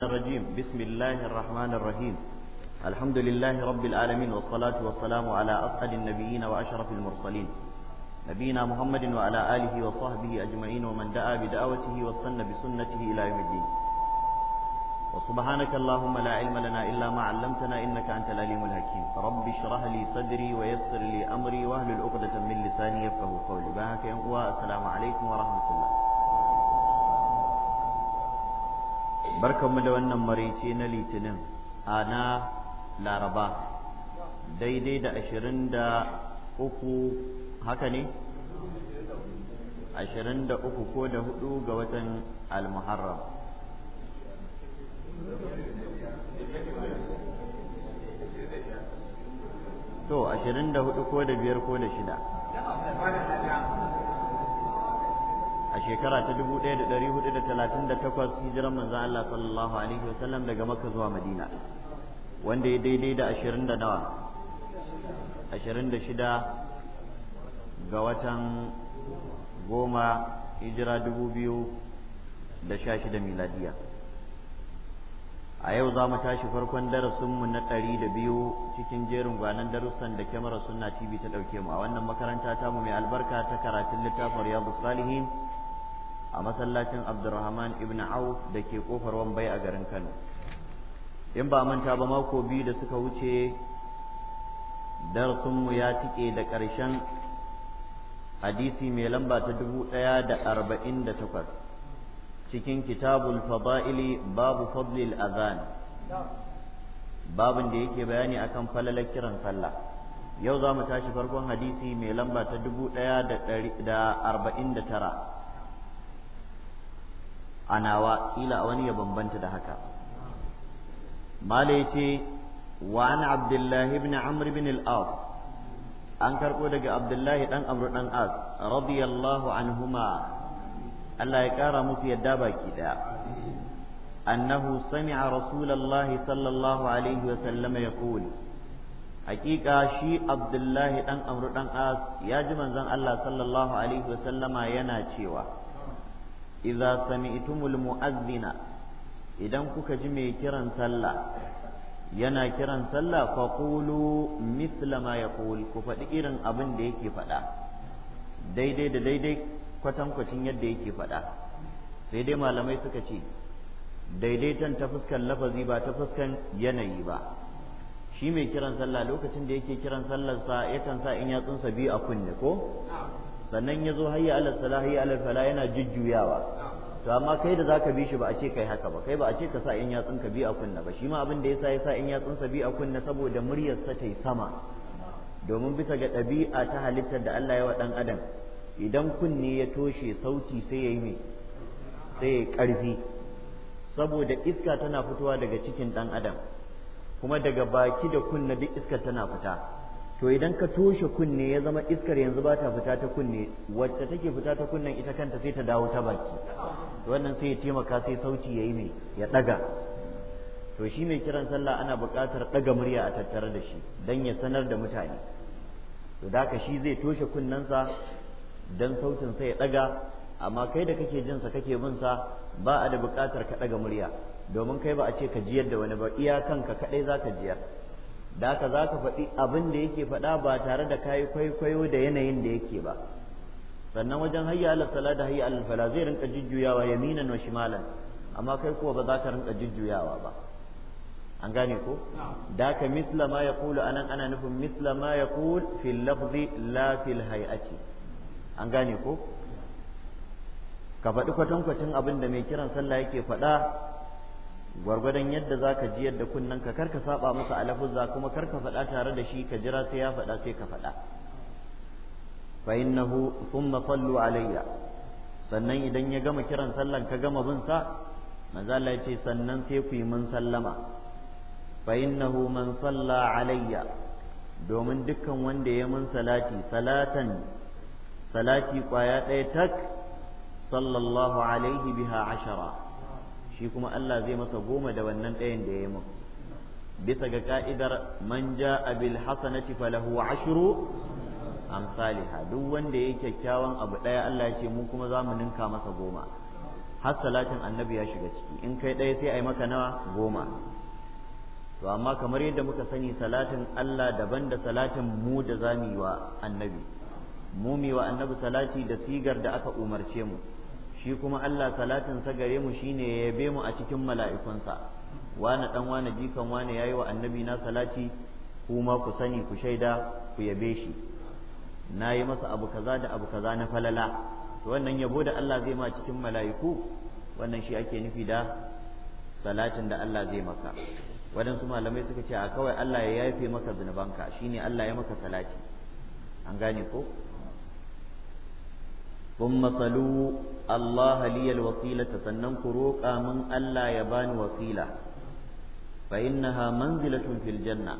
الرجيم بسم الله الرحمن الرحيم الحمد لله رب العالمين والصلاة والسلام على أسعد النبيين وأشرف المرسلين نبينا محمد وعلى آله وصحبه أجمعين ومن دعا بدعوته واستنى بسنته إلى يوم الدين وسبحانك اللهم لا علم لنا إلا ما علمتنا إنك أنت العليم الحكيم رب اشرح لي صدري ويسر لي أمري واهل العقدة من لساني يفقه قولي باهك السلام عليكم ورحمة الله barkanmu da wannan marici na litinin a na laraba daidai da ashirin da uku haka ne ashirin da uku ko da hudu ga watan almuharram to ashirin da hudu ko da biyar ko da shida a shekara ta 1438 hijiran manzon Allah sallallahu alaihi wasallam daga Makka zuwa Madina wanda ya daidai da 20 da nawa 26 ga watan goma hijira 2016 miladiya a yau za mu tashi farkon darasinmu na ɗari da biyu cikin jerin gwanan darussan da kyamara sunna tv ta ɗauke mu a wannan makaranta tamu mai albarka ta karatun littafin riyadu salihin a masallacin abdurrahman ibn auf da ke kofar wambai a garin kano in ba manta ba mako biyu da suka wuce darsunmu ya tike da ƙarshen hadisi mai lamba ta dubu ɗaya da arba'in da takwas cikin kitabul fada'ili babu fadlil azan babin da yake bayani akan falalar kiran sallah yau za mu tashi farkon hadisi mai lamba ta dubu ɗaya da arba'in da tara a nawa kila wani ya bambanta da haka mala yace wa an abdullahi ibn amr ibn al-as an karbo daga abdullahi dan amr dan as radiyallahu anhuma Allah ya kara musu yadda baki daya annahu sami'a rasulullahi sallallahu alaihi wa sallam yaqul hakika shi abdullahi dan amru dan as ya ji manzon Allah sallallahu alaihi wasallama yana cewa idza sami'tumul mu'adhdhina idan kuka ji mai kiran sallah yana kiran sallah faqulu mithla ma yaqul ku faɗi irin abin da yake faɗa daidai da daidai kwatankwacin yadda yake faɗa sai dai malamai suka ce daidaiton ta fuskan lafazi ba ta fuskan yanayi ba shi mai kiran sallah lokacin da yake kiran sallarsa yakan sa in yatsunsa biyu a kunne ko sannan ya zo hayya ala salah hayya fala yana jujjuyawa to amma kai da zaka bi shi ba a ce kai haka ba kai ba a ce ka sa in yatsun ka bi a kunna ba shi ma abin da yasa ya sa in yatsun sa bi a kunna saboda muryar sa tai sama domin bisa ga ɗabi'a ta halittar da Allah ya wa dan adam idan kunne ya toshe sauti sai yayi me sai ya karfi saboda iska tana fitowa daga cikin dan adam kuma daga baki da kunna duk iska tana fita to idan ka toshe kunne ya zama iskar yanzu ba ta fita ta kunne wacce take fita ta kunnen ita kanta sai ta dawo ta baki to wannan sai ya taimaka sai sauti ya yi mai ya ɗaga to shi mai kiran sallah ana buƙatar ɗaga murya a tattare da shi don ya sanar da mutane to da shi zai toshe kunnensa don sautin sa ya ɗaga amma kai da kake jinsa kake bin sa ba a da buƙatar ka ɗaga murya domin kai ba a ce ka jiyar da wani ba iya kanka kaɗai za ka jiyar da haka za ka faɗi abin da yake faɗa ba tare da kayi kwaikwayo da yanayin da yake ba sannan wajen hayya alasala da hayya alfala zai rinka jujjuyawa yaminan wa shimalan amma kai kuwa ba za ka rinka jujjuyawa ba an gane ko da ka misla ma kulu anan ana nufin misla ma Kulu fil lafzi la fil hay'ati an gane ko ka faɗi kwatankwacin abin da mai kiran sallah yake faɗa gwargwadon yadda za ka ji yadda kunnen ka karka saba masa a lafuzza kuma karka faɗa tare da shi ka jira sai ya faɗa sai ka faɗa fa innahu thumma sallu alayya sannan idan ya gama kiran sallan ka gama bin sa manzo Allah ya ce sannan sai ku yi mun sallama fa innahu man salla alayya domin dukkan wanda ya mun salati salatan salati kwaya ɗaya tak sallallahu alaihi biha ashara shi kuma Allah zai masa goma da wannan ɗayan da ya yi mun bisa ga ka'idar man ja'a bil hasanati falahu ashru amsalha duk wanda yayi kyakkyawan abu ɗaya Allah ya ce mu kuma za mu ninka masa goma har salatin annabi ya shiga ciki in kai ɗaya sai a yi maka nawa goma to amma kamar yadda muka sani salatin Allah daban da salatin mu da mu yi wa annabi mu mi wa annabi salati da sigar da aka umarce mu shi kuma Allah salatin sa gare mu shine ya yabe mu a cikin mala'ikunsa wani dan wani jikan wani yayi wa annabi na salati kuma ku sani ku shaida ku yabe shi na yi masa abu kaza da abu kaza na falala to wannan yabo da Allah zai ma cikin mala'iku wannan shi ake nufi da salatin da Allah zai maka waɗansu malamai suka ce a kawai Allah ya yafe maka zunubanka shine Allah ya maka salati an gane ko ثم صلوا الله لي sannan سننكو روكا من ألا يبان وسيلة فإنها منزلة في الجنة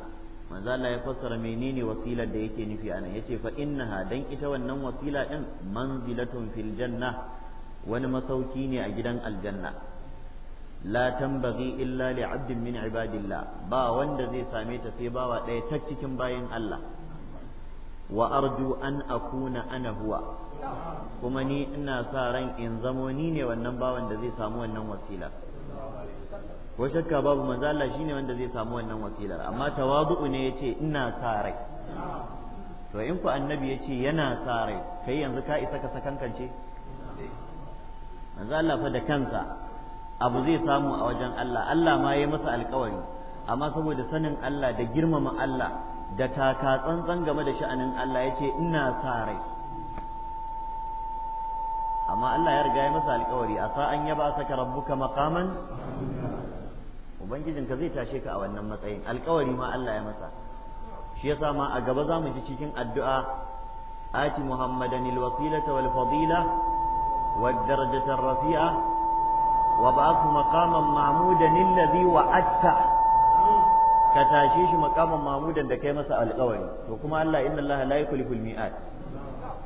manzo Allah ya fassara menene wasilar da yake nufi a nan yace fa innaha dan ita wannan wasila din manzilatun filjanna. wani masauki ne a gidan aljanna la tambaghi illa li abdin min ibadillah ba wanda zai same ta sai bawa ɗaya ta cikin bayan Allah wa arju an akuna ana huwa kuma ni ina sa ran in zamo ni ne wannan bawan da zai samu wannan wasila ko shakka babu manzo Allah shine wanda zai samu wannan wasilar amma tawadu ne yace ina sa rai to in ku annabi yace yana sa rai kai yanzu ka isa ka sakankance manzo Allah fa da kansa abu zai samu a wajen Allah Allah ma yayi masa alƙawari amma saboda sanin Allah da girmama Allah da taka tsantsan game da sha'anin Allah yace ina sa rai amma Allah ya riga ya masa alkawari a sa an yaba saka rabbuka maqaman ubangijinka zai tashe ka a wannan matsayin alkawari ma Allah ya masa shi yasa ma a gaba za mu ji cikin addu'a ati muhammadan alwasilata wal fadila wad darajata rafi'a wa ba'athu maqaman mahmudan alladhi wa'atta ka tashe shi maqaman mahmudan da kai masa alkawari to kuma Allah inna Allah la yukhlifu mi'ad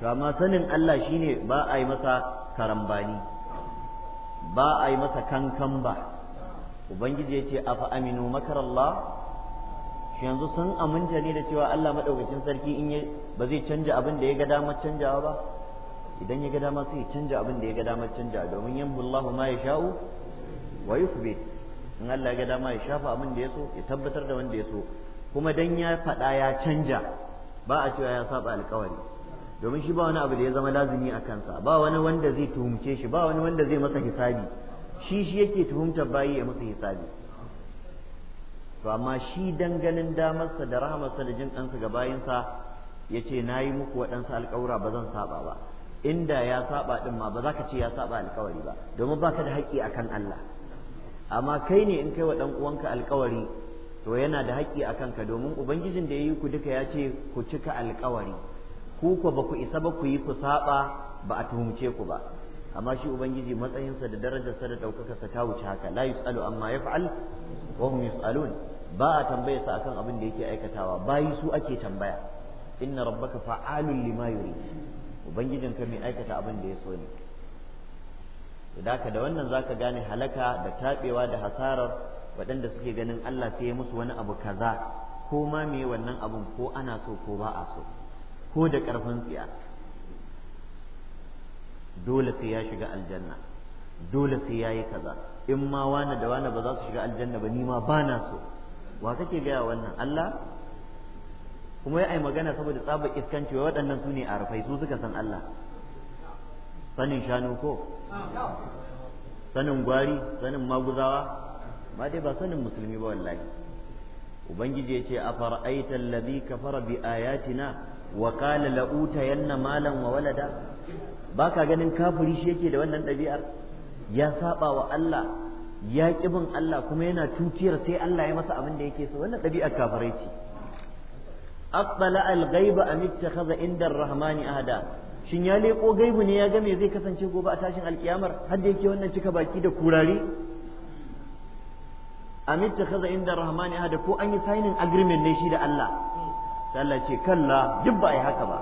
to amma sanin Allah shine ba a yi masa karambani ba a yi masa kankan ba ubangiji ya ce afa aminu makarallah shi yanzu sun aminta ne da cewa Allah madaukakin sarki in ya ba zai canja abin da ya ga damar canjawa ba idan ya ga dama sai ya canja abin da ya ga damar canjawa domin yamhu Allahu ma ya sha'u wa yuthbit in Allah ya ga dama ya shafa abin da ya so ya tabbatar da wanda ya so kuma dan ya faɗa ya canja ba a cewa ya saba alƙawari domin shi ba wani abu da ya zama lazumi a kansa ba wani wanda zai tuhumce shi ba wani wanda zai masa hisabi shi shi yake tuhumtar bayi ya masa hisabi to amma shi danganin damarsa da rahamarsa da jin kansa ga bayinsa ya ce na yi muku waɗansu alƙawura ba zan saba ba inda ya saba ɗin ma ba za ka ce ya saba alƙawari ba domin ba ka da haƙƙi a kan Allah amma kai ne in kai wa ɗan uwanka alƙawari to yana da haƙƙi a kanka domin ubangijin da ya yi ku duka ya ce ku cika alƙawari ku ko ba ku isa ba ku yi ku saba ba a tuhumce ku ba amma shi ubangiji matsayinsa da darajarsa da sa ta wuce haka la yus'alu amma yaf'al wa hum yus'alun ba a tambaye sa akan abin da yake aikatawa bayi su ake tambaya inna rabbaka fa'alun lima ubangijin ka mai aikata abin da ya so ne da da wannan zaka gane halaka da tabewa da hasarar waɗanda suke ganin Allah sai ya musu wani abu kaza ko ma me wannan abun ko ana so ko ba a so ko da ƙarfin tsiya dole sai ya shiga aljanna dole sai ya yi kaza in ma wani da wani ba za su shiga aljanna ba ni ma ba na so wa kake gaya wannan Allah kuma ya ai magana saboda tsabar iskanci wa waɗannan su ne a rufai su suka san Allah sanin shanu ko sanin gwari sanin maguzawa ba dai ba sanin musulmi ba wallahi ubangiji ya ce ladi ka kafara bi ayatina wa qala la utayanna wa walada baka ganin kafiri shi yake da wannan ɗabi'ar ya saba wa Allah ya ƙi bin Allah kuma yana tutiyar sai Allah ya masa abin da yake so wannan ɗabi'ar kafirai ce aqbala al-ghaiba am ittakhadha inda ar-rahmani ahada shin ya leko gaibu ne ya ga me zai kasance gobe a tashin alkiyamar har da yake wannan cika baki da kurare am ittakhadha inda ar-rahmani ahada ko an yi signing agreement ne shi da Allah Allah ce kalla duk ba a haka ba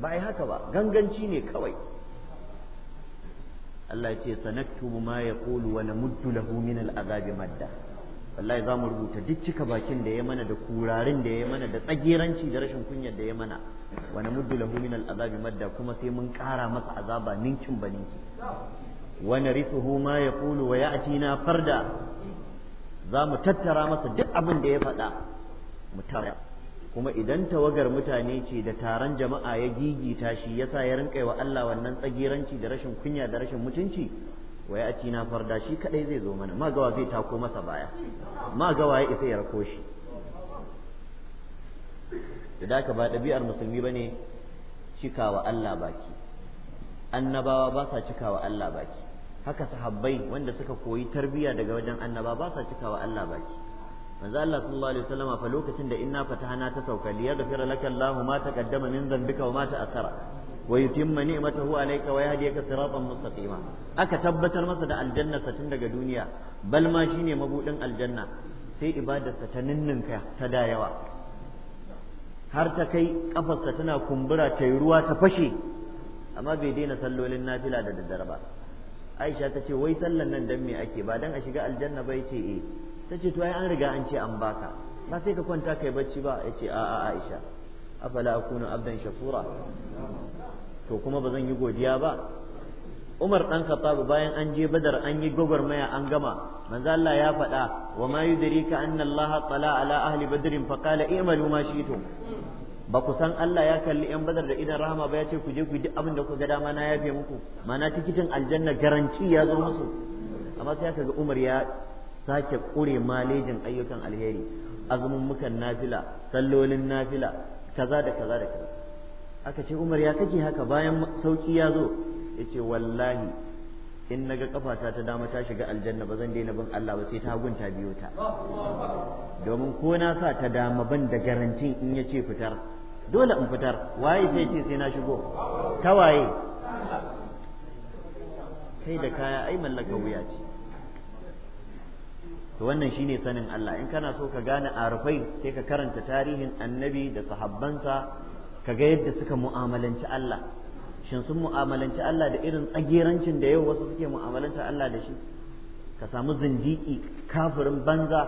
ba a haka ba ganganci ne kawai Allah ce sanaktubu ma yaqulu wa namuddu lahu min al'azabi madda wallahi za mu rubuta duk cika bakin da ya mana da kurarin da ya mana da tsagiranci da rashin kunyar da ya mana wa namuddu lahu min al'azabi madda kuma sai mun kara masa azaba ninkin ba ninki wa narithuhu ma yaqulu wa ya'tina farda za mu tattara masa duk abin da ya faɗa Mutara, kuma idan tawagar mutane ce da taron jama'a ya gigita shi ya sa ya rinka wa Allah wannan tsagiranci da rashin kunya da rashin mutunci waya ya na farda shi kadai zai zo mana magawa zai tako masa baya magawa ya isa ya rako shi da daka ba ɗabi'ar musulmi bane cikawa Allah baki annabawa ba sa cikawa Allah baki haka sahabbai wanda suka koyi tarbiyya daga wajen annaba ba sa cikawa Allah baki manzo Allah sallallahu alaihi wasallam fa lokacin da inna hana ta sauka li yaghfira laka Allahu ma taqaddama min dhanbika wa ma ta'akhkhara wa yutimma ni'matahu alayka wa yahdiyaka siratan mustaqima aka tabbatar masa da aljanna tun daga duniya bal ma shine mabudin aljanna sai ibadarsa ta ninninka ta da yawa har ta kai kafarsa tana kumbura ta yi ruwa ta fashe amma bai daina sallolin nafila da daddare ba aisha ta ce wai sallan nan dan me ake ba dan a shiga aljanna ba ce eh ta ce to an riga an ce an baka ba sai ka kwanta kai bacci ba ya ce a'a Aisha afala akunu abdan shakura to kuma ba zan yi godiya ba Umar dan Khattab bayan an je Badar an yi gwagwarmaya an gama manzo Allah ya faɗa wa ma yudrika anna Allah tala ala ahli badrin fa qala i'malu ma shi'tum ba ku san Allah ya kalli ‘yan badar da idan rahama ba ya ce ku je ku yi duk abin da ku ga dama na yafe muku mana tikitin aljanna garanci ya zo musu amma sai aka ga Umar ya sake ƙure malejin ayyukan alheri azumin mukan nafila sallolin nafila kaza da kaza da kaza aka ce umar ya kake haka bayan sauki ya zo ya ce wallahi in na ga kafata ta dama ta shiga aljanna ba zan daina bin Allah ba sai ta gunta biyo ta domin ko na sa ta dama ban da garantin in ya ce fitar dole in fitar waye sai ce sai na shigo ta waye sai da kaya ai mallaka wuya ce to wannan shine sanin Allah in kana so ka gane arfai sai ka karanta tarihin annabi da sahabbansa ka ga yadda suka mu'amalanci Allah shin sun mu'amalanci Allah da irin tsagerancin da yau wasu suke mu'amalanta Allah da shi ka samu zindiki kafirin banza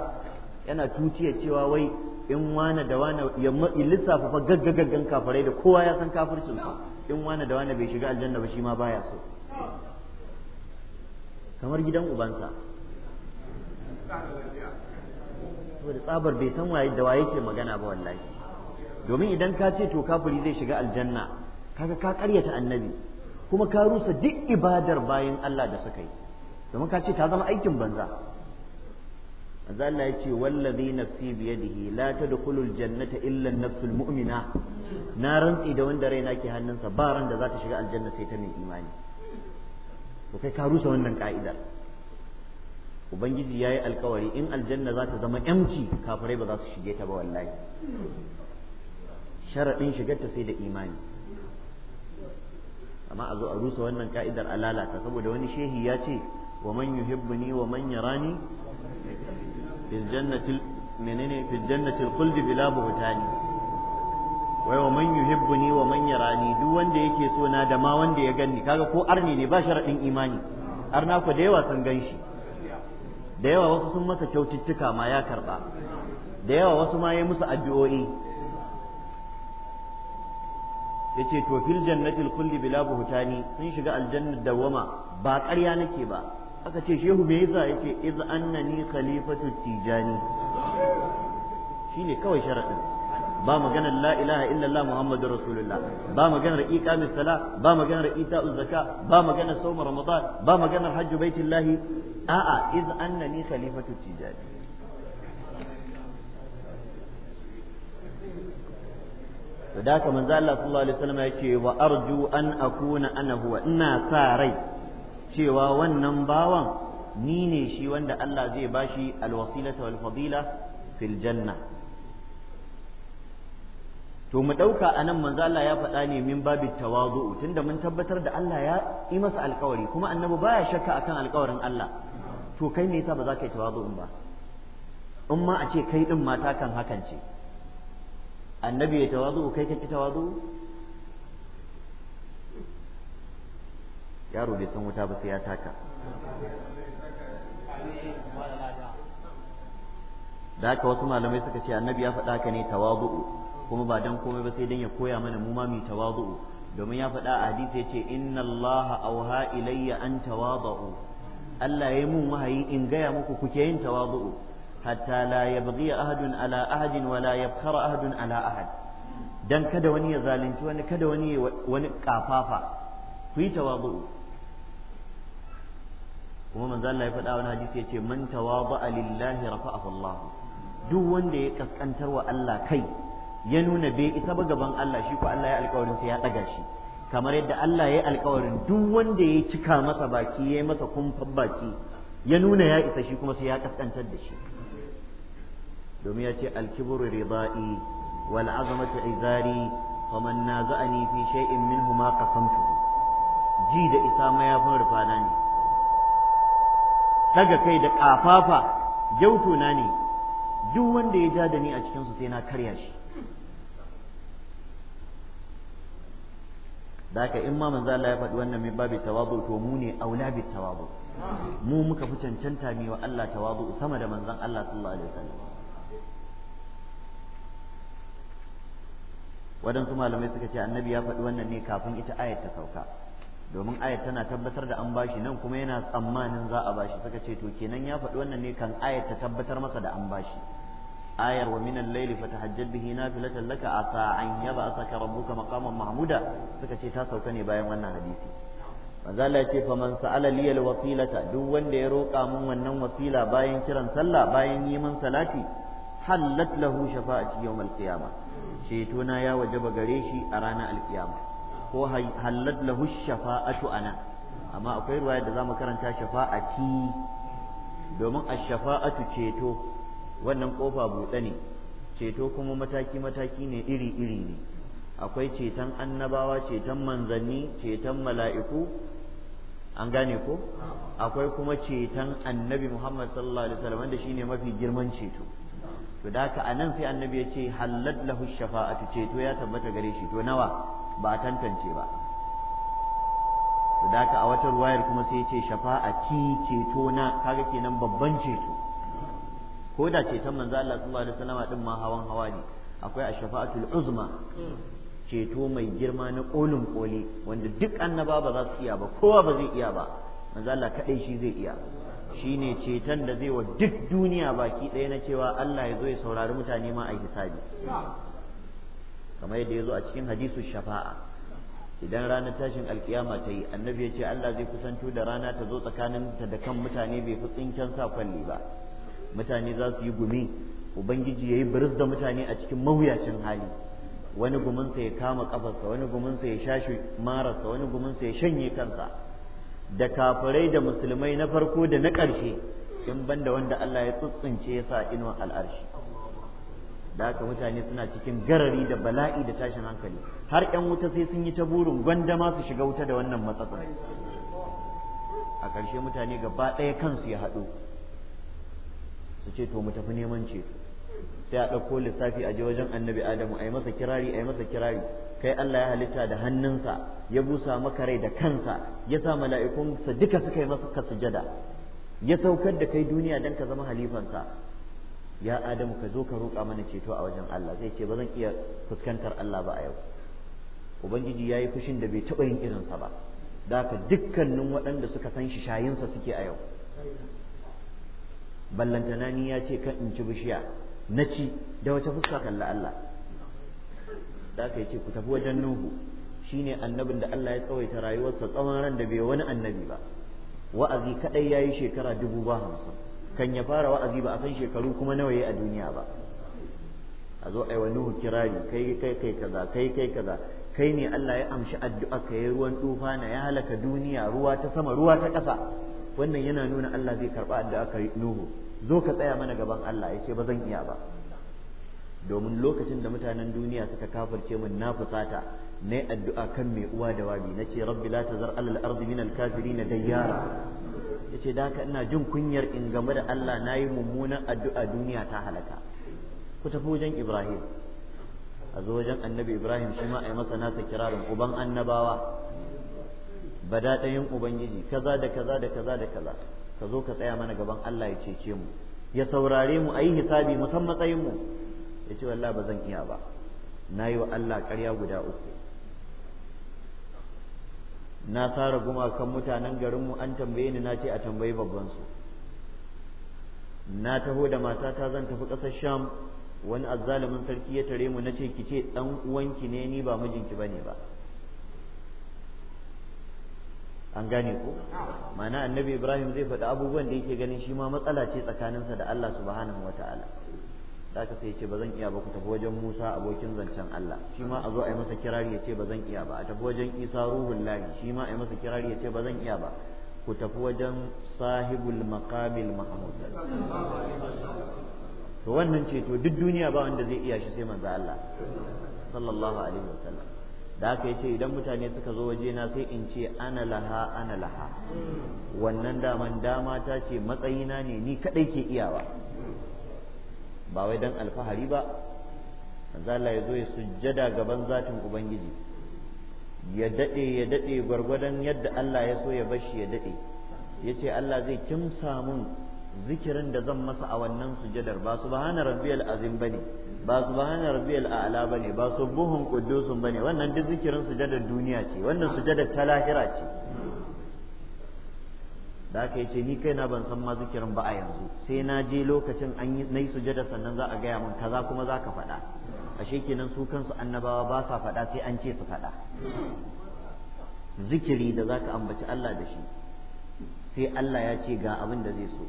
yana tuciya cewa wai in wane da wane ya lissafa fa gaggagaggan kafirai da kowa ya san kafircin su in wane da wane bai shiga aljanna ba shi ma baya so kamar gidan ubansa saboda tsabar bai san waye da waye ke magana ba wallahi domin idan ka ce to kafiri zai shiga aljanna kaga ka karyata annabi kuma ka rusa duk ibadar bayan Allah da suka yi domin ka ce ta zama aikin banza manzo Allah ya wallazi nafsi biyadihi la tadkhulul jannata illa an-nafsul mu'mina na rantsi da wanda raina ke hannunsa ba ran da za ta shiga aljanna sai ta mai imani to kai ka rusa wannan ka'idar ubangiji ya yi alkawari in aljanna za ta zama empty kafirai ba za su shige ta ba wallahi sharadin shigar ta sai da imani amma a zo a rusa wannan ka'idar a lalata saboda wani shehi ya ce wa man yuhibbuni wa man yarani fil menene fil khuldi bila buhtani wai wa man yuhibbuni wa man yarani duk wanda yake so na da ma wanda ya ganni kaga ko arni ne ba sharadin imani arna ku da yawa sun ganshi da yawa wasu sun masa kyaututtuka ma ya karba da yawa wasu ma ya musu addu'o'i yace to fil jannati kulli bila buhutani sun shiga aljannar dawama ba ƙarya nake ba aka ce shehu me yasa yace iz annani khalifatu tijani shine kawai sharadin ba maganar la ilaha illallah muhammadur rasulullah ba maganar iqamis sala ba maganar ita'uz zaka ba maganar sawm ramadan ba maganar hajj baitillahi a'a iz annani khalifatu tijani da haka manzo Allah sallallahu alaihi wasallam yace wa arju an akuna ana huwa ina sa rai cewa wannan bawan ni ne shi wanda Allah zai bashi alwasilata wal fadila fil janna to mu ɗauka a nan manzo Allah ya faɗa ne min babin tawazu'u tunda mun tabbatar da Allah ya yi masa alkawari kuma annabi baya shakka akan alkawarin Allah to kai me yasa ba za ka yi tawazu'un ba in ma a ce kai din mata kan hakan ce annabi ya tawazu'u kai ka ki tawazu'u yaro bai san wuta ba sai ya taka da haka wasu malamai suka ce annabi ya faɗa ka ne tawazu'u kuma ba dan komai ba sai dan ya koya mana mu ma mu tawazu domin ya faɗa a hadisi yace inna allaha auha ilayya an tawadu Allah yayi mun wahayi in gaya muku kuke yin tawadu hatta la yabghi ahadun ala ahadin wa la yabkhara ahadun ala ahad dan kada wani ya zalunci wani kada wani wani kafafa ku yi tawadu kuma manzo Allah ya faɗa wani hadisi yace man tawaba lillahi rafa'ahu Allah duk wanda ya kaskantar wa Allah kai ya nuna bai isa ba gaban Allah shi ko Allah ya alƙawarin sai ya ɗaga shi kamar yadda Allah ya alƙawarin duk wanda ya cika masa baki ya yi masa kumfan baki ya nuna ya isa shi kuma sai ya kaskantar da shi domin ya ce alkibru rida'i wal azamatu izari faman naza'ani fi shay'in minhu qasamtu ji da isa mayafin rufana ne daga kai da kafafa jautuna ne duk wanda ya ja da ni a cikinsu sai na karya shi da haka in ma manzo Allah ya faɗi wannan min babi tawadu to mu ne aula bi tawadu mu muka fi cancanta mi wa Allah tawadu sama da manzon Allah sallallahu alaihi wasallam wadansu malamai suka ce annabi ya faɗi wannan ne kafin ita ayat ta sauka domin ayat tana tabbatar da an bashi nan kuma yana tsammanin za a bashi suka ce to kenan ya faɗi wannan ne kan ayat ta tabbatar masa da an bashi ayar wa minal laili fatahajjad bihi nafilatan laka asa an yab'athaka rabbuka maqaman mahmuda suka ce ta sauka ne bayan wannan hadisi manzo Allah ya ce fa man sa'ala wasilata duk wanda ya roƙa mun wannan wasila bayan kiran sallah bayan yi min salati hallat lahu shafa'ati yawm al ceto na ya wajaba gare shi a ranar alkiyama ko hallat lahu shafa'atu ana amma akwai ruwaya da zamu karanta shafa'ati domin ash-shafa'atu ceto wannan kofa buɗe ne ceto kuma mataki mataki ne iri iri ne akwai ceton annabawa ceton manzanni ceton mala'iku an gane ko akwai kuma ceton annabi Muhammad sallallahu alaihi wasallam wanda shine mafi girman ceto to da haka anan sai annabi ya ce halal lahu shafa'atu ceto ya tabbata gare shi to nawa ba a tantance ba to da haka a wata ruwayar kuma sai ya ce shafa'ati ceto na kaga kenan babban ceto ko da ceton manzo Allah sallallahu alaihi wasallam din ma hawan hawa ne akwai ashfa'atul uzma ceto mai girma na kolin koli wanda duk annaba ba za su iya ba kowa ba zai iya ba manzo Allah kadai shi zai iya shine ceton da zai wa duk duniya baki ɗaya na cewa Allah ya zo ya saurari mutane ma a hisabi kamar yadda ya zo a cikin hadisu shafa'a idan ranar tashin alkiyama ta yi annabi ya ce Allah zai kusanto da rana ta zo tsakaninta da kan mutane bai fi tsinken sa kwalli ba mutane za su yi gumi ubangiji ya yi biris da mutane a cikin mawuyacin hali wani guminsa ya kama kafarsa wani guminsa ya shashi marasa, wani guminsa ya shanye kansa da kafirai da musulmai na farko da na ƙarshe in banda wanda Allah ya tsuntsunce ya sa inuwar al'arshi da haka mutane suna cikin garari da bala'i da tashin hankali har 'yan wuta sai sun yi ta burin gwandama su shiga wuta da wannan matsatsa a ƙarshe mutane gaba ɗaya kansu ya haɗu su ce to mu tafi neman ceto sai a ɗauko lissafi a je wajen annabi adamu a yi masa kirari a yi masa kirari kai Allah ya halitta da hannunsa ya busa maka rai da kansa ya sa mala'ikunsa duka suka yi masa sujada ya saukar da kai duniya dan ka zama halifansa ya adamu ka zo ka roƙa mana ceto a wajen Allah zai ce ba zan iya fuskantar Allah ba a yau ubangiji ya yi fushin da bai taɓa yin irinsa ba da haka dukkanin waɗanda suka san shi shayinsa suke a yau ballantana ni ya ce kan in ci bishiya na ci da wata fuska kalla Allah da aka ce ku tafi wajen Nuhu shine annabin da Allah ya tsawaita rayuwarsa tsawon ran da bai wani annabi ba wa'azi kadai yayi shekara dubu ba hamsin kan ya fara wa'azi ba a san shekaru kuma nawa yayi a duniya ba a zo aiwa Nuhu kirari kai kai kai kaza kai kai kaza kai ne Allah ya amshi addu'a kai ruwan tufa na ya halaka duniya ruwa ta sama ruwa ta ƙasa wannan yana nuna Allah zai karba addu'a ka nuhu zo ka tsaya mana gaban Allah yace ba zan iya ba domin lokacin da mutanen duniya suka kafirce min na fusata na addu'a kan mai uwa da wabi na ce rabbi la tazar alal ardi min al kafirin dayyara yace da haka ina jin kunyar in game da Allah nayi mummunan addu'a duniya ta halaka ku tafi wajen Ibrahim a zo wajen annabi Ibrahim shi ma a yi masa nasa kirarin uban annabawa badaɗayin ubangiji kaza da kaza da kaza da kaza ka zo ka tsaya mana gaban Allah ya cece mu ya saurare mu ayi hisabi mu san matsayin mu ya ce wallahi ba zan iya ba na yi wa Allah ƙarya guda uku na tsara gumakan mutanen garinmu an tambaye ni na ce a tambayi babban su na taho da matata zan tafi ƙasar sham wani azzalumin sarki ya tare mu na ce ki ce ɗan uwanki ne ni ba mijinki bane ba an gane ko ma'ana annabi ibrahim zai faɗi abubuwan da yake ganin shi ma matsala ce tsakaninsa da allah subhanahu ta'ala da aka sai ce ba zan iya ba ku tafi wajen musa abokin zancen allah shi ma a zo a yi masa kirari ya ce ba zan iya ba a tafi wajen isa ruhun lahi shi ma a yi masa kirari ya ce ba zan iya ba ku tafi wajen sahibul maqamil mahmud to wannan ce to duk duniya ba wanda zai iya shi sai manzo allah sallallahu alaihi wasallam da aka ce idan mutane suka zo waje na sai in ce ana laha ana laha wannan daman dama ta ce matsayina ne ni kadai ke iyawa ba wai dan alfahari ba manzo ya zo ya sujjada gaban zatin ubangiji ya daɗe ya daɗe gwargwadon yadda Allah ya so ya bashi ya dade ce Allah zai kimsa mun zikirin da zan masa a wannan sujjadar ba su ba hana rabbiyal azim ne. ba ba hanyar a'la bane ba ƙudusun ba bane wannan duk zikirin sujadar duniya ce wannan sujadar ta lahira ce da aka yi ce ni kaina ban san ma zikirin ba a yanzu sai na je lokacin an yi nayi sujada sannan za a gaya mun kaza kuma za ka faɗa ashe kenan su kansu annabawa ba sa faɗa sai an ce su faɗa zikiri da za ka ambaci Allah da shi sai Allah ya ce ga abin da zai so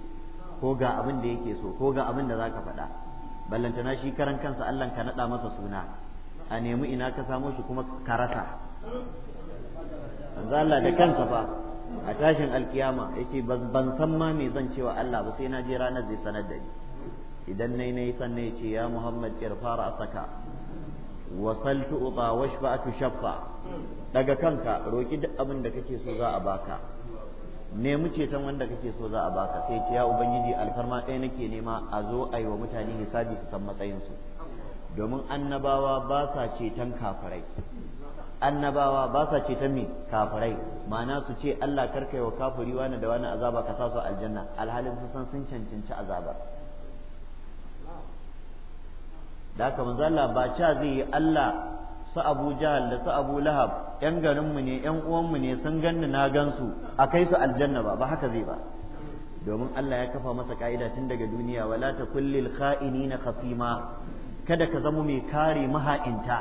ko ga abin da yake so ko ga abin da za ka faɗa ballantana shi karan kansa Allah ka naɗa masa suna a nemi ina ka samo shi kuma ka rasa manzo Allah da kansa fa a tashin alkiyama yace ban san ma me zan cewa Allah ba sai na je ranar zai sanar da ni idan nayi nayi sanne yace ya Muhammad irfara saka. wasaltu uta washba'atu shaffa daga kanka roki duk abin da kake so za a baka nemi ceton wanda kake so za a baka sai ce ya ubangiji alfarma ɗaya nake nema a zo a yi wa mutane hisabi su san matsayinsu domin annabawa ba sa ceton kafirai annabawa ba sa ceton me kafirai ma'ana su ce Allah karkai wa kafiri wani da wani azaba ka sa aljanna alhalin sun san sun cancanci azaba da haka manzo Allah ba cha zai yi Allah su abu jahal da su abu lahab yan garinmu ne yan uwanmu ne sun ganni na gansu a kai su aljanna ba ba haka zai ba domin Allah ya kafa masa ka'ida tun daga duniya wala ta kullil kha'inina khasima kada ka zama mai kare maha'inta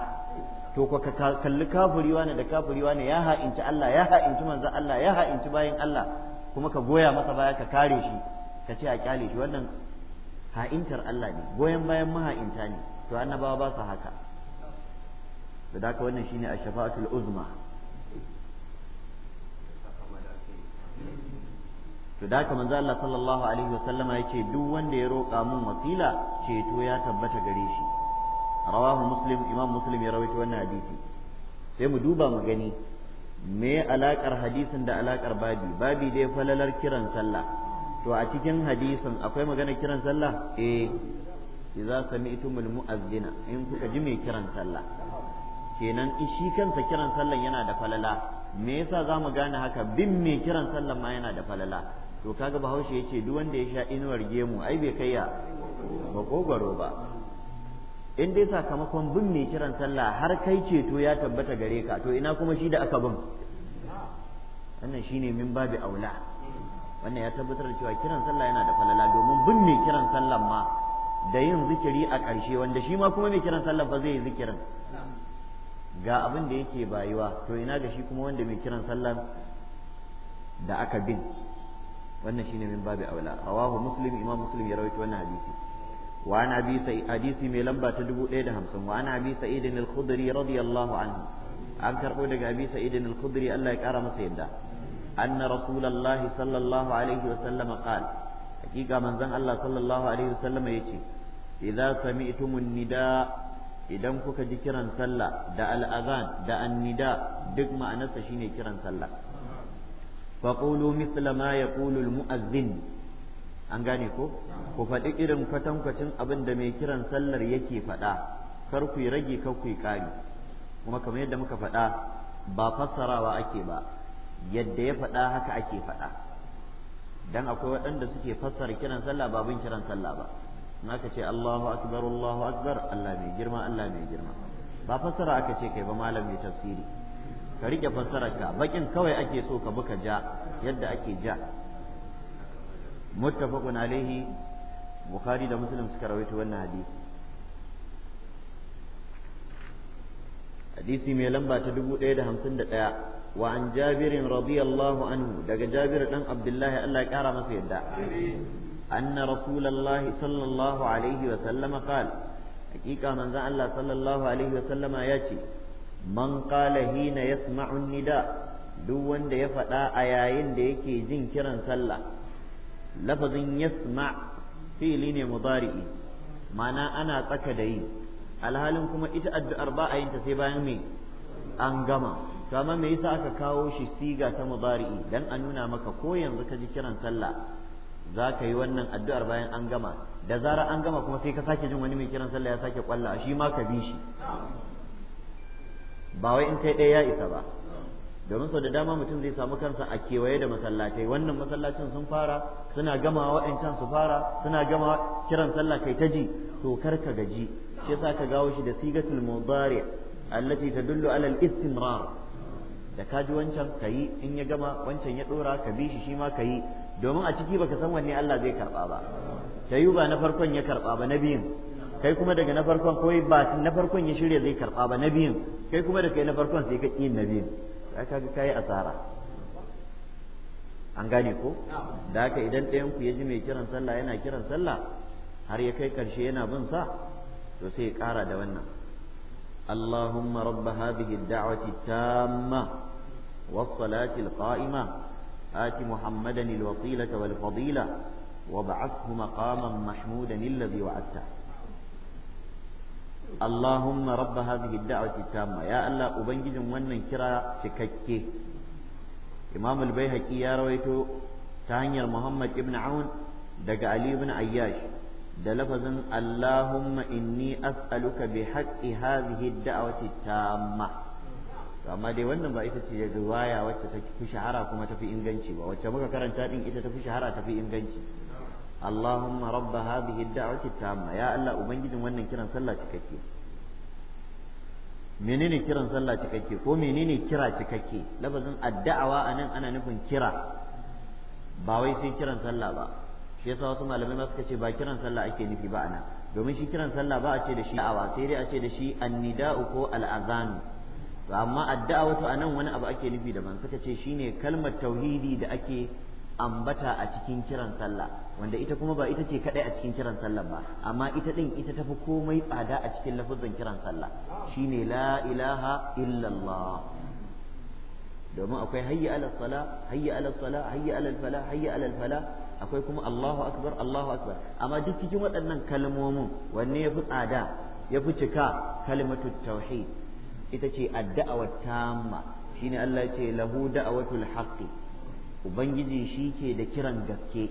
to ko ka kalli kafuri ne da kafuri ne ya ha'inci Allah ya ha'inci manzo Allah ya ha'inci bayin Allah kuma ka goya masa baya ka kare shi ka ce a kyale shi wannan ha'intar Allah ne goyen bayan maha'inta ne to annabawa ba su haka da daka wannan shine ash-shafa'atul uzma to da manzo Allah sallallahu alaihi wasallama yace duk wanda ya roƙa mun wasila ceto ya tabbata gare shi rawahu muslim imam muslim ya rawaito wannan hadisi sai mu duba mu gani me alakar hadisin da alakar babi babi dai falalar kiran sallah to a cikin hadisin akwai magana kiran sallah eh idza sami'tumul mu'azzina in kuka ji mai kiran sallah kenan in shi kansa kiran sallan yana da falala me yasa za mu gane haka bin me kiran sallan ma yana da falala to kaga bahaushe ya ce duk wanda ya sha inuwar gemu ai bai kai ya makogwaro ba in dai sakamakon bin me kiran sallah har kai ceto ya tabbata gare ka to ina kuma shi da aka bin wannan shine min babi aula wannan ya tabbatar da cewa kiran salla yana da falala domin bin me kiran sallan ma da yin zikiri a ƙarshe wanda shi ma kuma mai kiran sallan fa zai yi zikirin ga abin da yake bayuwa to ina ga shi kuma wanda mai kiran sallan da aka bin wannan shine min babu aula rawahu muslim imam muslim ya rawaito wannan hadisi wa an abi sa'id hadisi mai lamba ta 1050 wa an abi sa'id al-khudri radiyallahu anhu an karbo daga abi sa'id al-khudri Allah ya kara masa yadda anna rasulullah sallallahu alaihi wa sallam qala hakika manzon Allah sallallahu alaihi wa sallam yace idza sami'tumun nidaa idan kuka ji kiran sallah da al'azan da annida duk ma'anarsa ne kiran sallah faqulu mithla ma ya al-mu'azzin an gane ko ku faɗi irin kwatankwacin abin da mai kiran sallar yake faɗa kar ku yi rage kar ku yi ƙari kuma kamar yadda muka faɗa ba fassarawa ake ba yadda ya faɗa haka ake faɗa dan akwai waɗanda suke fassara kiran sallah ba bin kiran sallah ba in ka ce Allahu akbar Allahu akbar Allah mai girma Allah mai girma ba fassara aka ce kai ba malam mai tafsiri ka rike fassarar ka bakin kawai ake so ka buka ja yadda ake ja muttafaqun alaihi bukhari da muslim suka rawaito wannan hadisi hadisi mai lamba ta 1051 وعن جابر رضي الله عنه دق جابر بن عبد الله الله يقرا مسيدا أن رسول الله صلى الله عليه وسلم قال حقيقة من ذا الله صلى الله عليه وسلم ياتي من قال حين يسمع النداء duk wanda ya faɗa a yayin da yake jin kiran sallah lafazin yasma fili ne mudari'i mana ana tsaka da yi alhalin kuma ita addu'ar ba a yinta sai bayan me an gama to amma me yasa aka kawo shi siga ta mudari'i dan a nuna maka ko yanzu ka ji kiran sallah za ka yi wannan addu'ar bayan an gama da zara an gama kuma sai ka sake jin wani mai kiran sallah ya sake kwalla shi ma ka bi shi ba wai in kai ɗaya ya isa ba domin sau da dama mutum zai samu kansa a kewaye da masallatai wannan masallacin sun fara suna gama wa'ancan su fara suna gama kiran sallah kai ta ji to kar ka gaji shi yasa ka gawo shi da sigatul mudari allati tadullu ala al-istimrar da ka ji wancan kayi in ya gama wancan ya dora ka bi shi shi ma kayi domin a ciki baka san wanne Allah zai karba ba ta ba na farkon ya karba ba na biyun kai kuma daga na farkon kawai ba na farkon ya shirya zai karba ba na biyun kai kuma da kai na farkon sai ka kiyin na biyun ka kaga kai asara an gane ko da haka idan ɗayan ku ya ji mai kiran sallah yana kiran sallah har ya kai karshe yana bin sa to sai ya ƙara da wannan اللهم رب هذه الدعوة التامة والصلاة القائمة آت محمدا الوصيلة والفضيلة وابعثه مقاما محمودا الذي وعدته اللهم رب هذه الدعوة التامة يا الله أبنجز ونن كرا تككي إمام البيهقي يا رويتو تهنير محمد ابن عون دق علي بن عياش دلفظ اللهم إني أسألك بحق هذه الدعوة التامة amma dai wannan ba ita ce riwaya wacce ta fi shahara kuma ta fi inganci ba wacce muka karanta din ita ta fi shahara ta fi inganci Allahumma rabba hadhihi ad-da'wati tamma ya Allah ubangijin wannan kiran sallah cikakke menene kiran sallah cikakke ko menene kira cikakke labazin addu'awa anan ana nufin kira ba wai sai kiran sallah ba shi yasa wasu malamai ma suka ce ba kiran sallah ake nufi ba anan domin shi kiran sallah ba a ce da shi da'awa sai dai a ce da shi annida'u ko al'azanu to amma adda'awatu anan wani abu ake nufi daban suka ce shine kalmar tauhidi da ake ambata a cikin kiran sallah wanda ita kuma ba ita ce kadai a cikin kiran sallah ba amma ita din ita tafi komai tsada a cikin lafazin kiran sallah shine la ilaha illallah domin akwai hayya ala sala hayya ala sala hayya ala fala hayya ala fala akwai kuma Allahu akbar Allahu akbar amma duk cikin waɗannan kalmomin wanne ya fi tsada ya fi cika kalmatu tauhid ita ce addu'a tamma shine Allah ce lahu da'awatul haqqi ubangiji shi ke da kiran gaske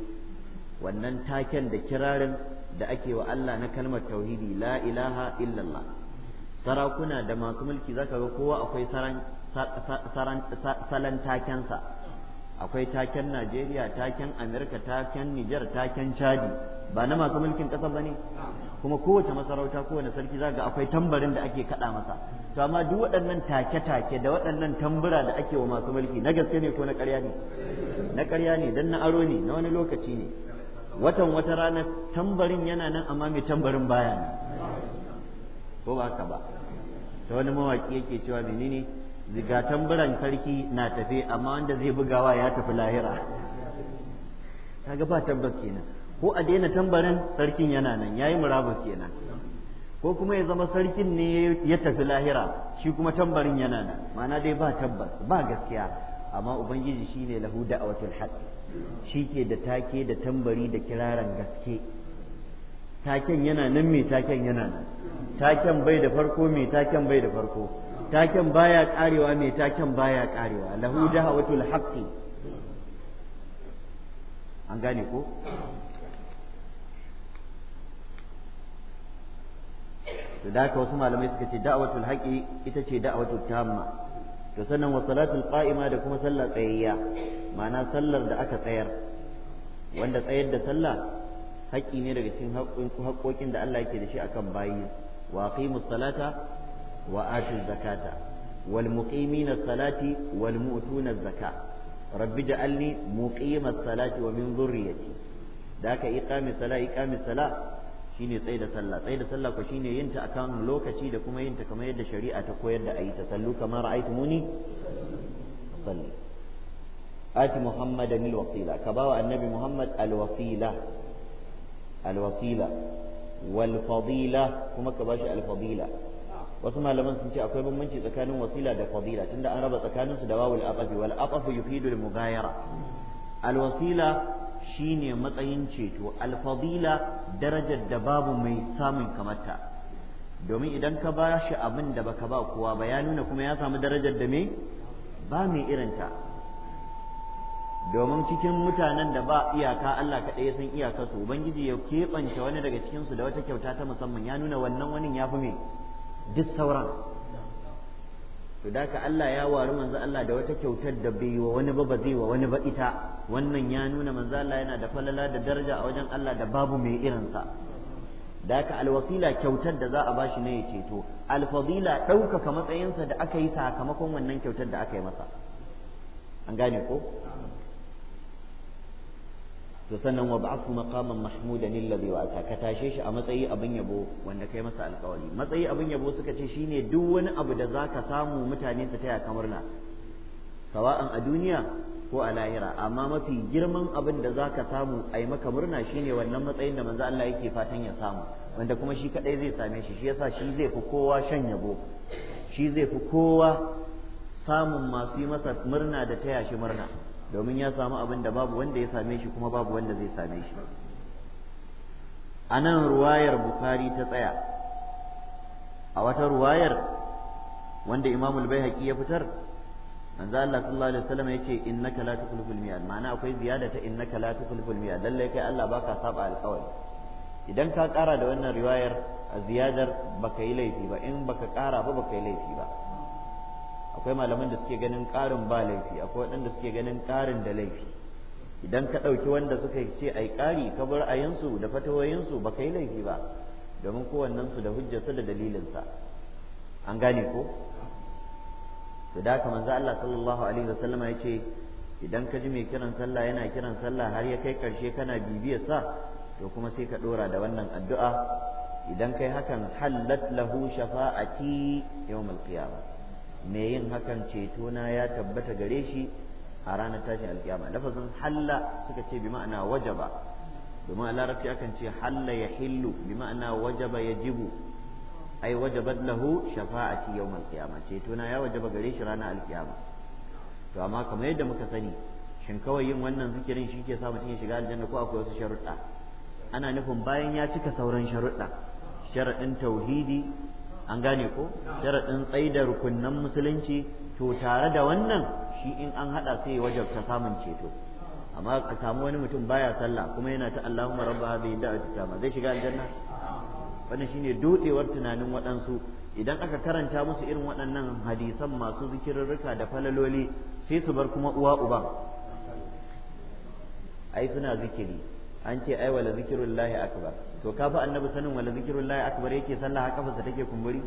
wannan taken da kirarin da ake wa Allah na kalmar tauhidi la ilaha illallah sarakuna da masu mulki zaka ga kowa akwai saran salan takensa akwai taken Najeriya taken Amerika taken Nijar taken Chadi ba na masu mulkin ƙasa ba ne kuma kowace masarauta kowane sarki za ga akwai tambarin da ake kaɗa masa to amma duk waɗannan take-take da waɗannan tambura da ake wa masu mulki na gaske ne ko na ƙarya ne na ƙarya ne dan na aro ne na wani lokaci ne watan wata rana tambarin yana nan amma mai tambarin baya ne ko ba haka ba ta wani mawaki yake cewa menene zigatan biran sarki na tafe amma wanda zai bugawa ya tafi lahira kaga ba tabbas kenan ko a daina tambarin sarkin yana nan yayi murabus kenan ko kuma ya zama sarkin ne ya tafi lahira shi kuma tambarin yana nan ma'ana dai ba tabbas ba gaskiya amma ubangiji shine lahu da'watul haqq shi ke da take da tambari da kiraran gaske taken yana nan mai taken yana nan taken bai da farko mai taken bai da farko taken baya karewa mai taken baya karewa lahu dahawatul ah. haqqi an gane ko to da haka wasu malamai suka ce da'watul haqqi ita ce da'watul tamma to sannan wa salatul qa'ima da kuma sallar tsayayya ma'ana sallar da aka tsayar wanda tsayar da sallah haƙƙi ne daga cikin haƙƙoƙin da Allah yake da shi akan bayi wa aqimus salata وآتوا الزكاة والمقيمين الصلاة والمؤتون الزكاة رب اجعلني مقيم الصلاة ومن ذريتي ذاك إقام الصلاة إقام الصلاة shine tsaye da sallah tsaye da sallah ko shine yin ta akan lokaci da kuma yin ta kamar yadda shari'a ta koyar da ayi ta sallu kamar ra'aytumuni salli ati muhammadan al wasila ka bawa annabi muhammad al wasila al wasila wal fadila kuma ka bashi al fadila wasu malaman sun ce akwai bambanci tsakanin wasila da fadila tunda an raba tsakanin su da wawul aqafi wal aqafu yufidu al mughayara al wasila shine matsayin ceto al fadila darajar da babu mai samun kamata. domin idan ka ba shi abin da baka ba kowa ba ya nuna kuma ya samu darajar da me ba mai irinta domin cikin mutanen da ba iyaka Allah kaɗai ya san iyakarsu ubangiji ya keɓance wani daga cikinsu da wata kyauta ta musamman ya nuna wannan wani ya fi me duk sauran to da ka Allah ya wari manzo Allah da wata kyautar da bai wa wani ba ba zai wa wani ba ita wannan ya nuna manzo Allah yana da falala da daraja a wajen Allah da babu mai irinsa da ka alwasila kyautar da za a bashi ne ya ceto alfadila ɗaukaka matsayinsa da aka yi sakamakon wannan kyautar da aka yi masa an gane ko to sannan wa ba'athu maqaman mahmudan alladhi wa ka tashe shi a matsayi abin yabo wanda kai masa alƙawari matsayi abin yabo suka ce shine duk wani abu da zaka samu mutane su taya ka murna sawa'an a duniya ko a lahira amma mafi girman abin da zaka samu a ai maka murna shine wannan matsayin da manzo Allah yake fatan ya samu wanda kuma shi kadai zai same shi shi yasa shi zai fi kowa shan yabo shi zai fi kowa samun masu yi masa murna da taya shi murna domin ya samu abin da babu wanda ya same shi kuma babu wanda zai same shi a nan ruwayar bukari ta tsaya a wata ruwayar wanda imamul bai ya fitar manzo Allah sallallahu alaihi wasallam yace innaka la tukhliful mi'ad ma'ana akwai ziyada ta innaka la tukhliful mi'ad lalle kai Allah baka saba alƙawari idan ka ƙara da wannan riwayar a ziyadar baka yi laifi ba in baka kara ba baka yi laifi ba akwai malaman da suke ganin ƙarin ba laifi akwai waɗanda suke ganin ƙarin da laifi idan ka ɗauki wanda suka ce ai ƙari ka bar ayinsu da fatawoyinsu ba ka yi laifi ba domin kowannensu da hujjarsa da dalilinsa an gane ko to da haka manzo Allah sallallahu alaihi wasallam ya ce idan ka ji mai kiran sallah yana kiran sallah har ya kai karshe kana bibiyar sa to kuma sai ka dora da wannan addu'a idan kai hakan hallat lahu shafa'ati yawmal qiyamah mai yin hakan ceto na ya tabbata gare shi a ranar tashin alkiyama lafazin halla suka ce bi ma'ana wajaba domin a larabci akan ce halla ya hillu bi ma'ana wajaba ya jibu ai wajabat lahu shafa'ati yawm alkiyama ceto na ya wajaba gare shi ranar alkiyama to amma kamar yadda muka sani shin kawai yin wannan zikirin shi ke sa mutum ya shiga aljanna ko akwai wasu sharuɗa ana nufin bayan ya cika sauran sharuɗa sharaɗin tauhidi an gane ko sharaɗin tsaida rukunnan musulunci to tare da wannan shi in an haɗa sai ta samun ceto amma ka samu wani mutum baya sallah kuma yana ta Allahumma rabba hadhihi ta tamma zai shiga aljanna wannan shine dodewar tunanin waɗansu idan aka karanta musu irin waɗannan hadisan masu zikirarruka da falaloli sai su bar kuma uwa uban ai suna zikiri an ce ai wala zikrullahi akbar to ka fa annabi sanin wala zikrullahi akbar yake sallah haka fa take kumburi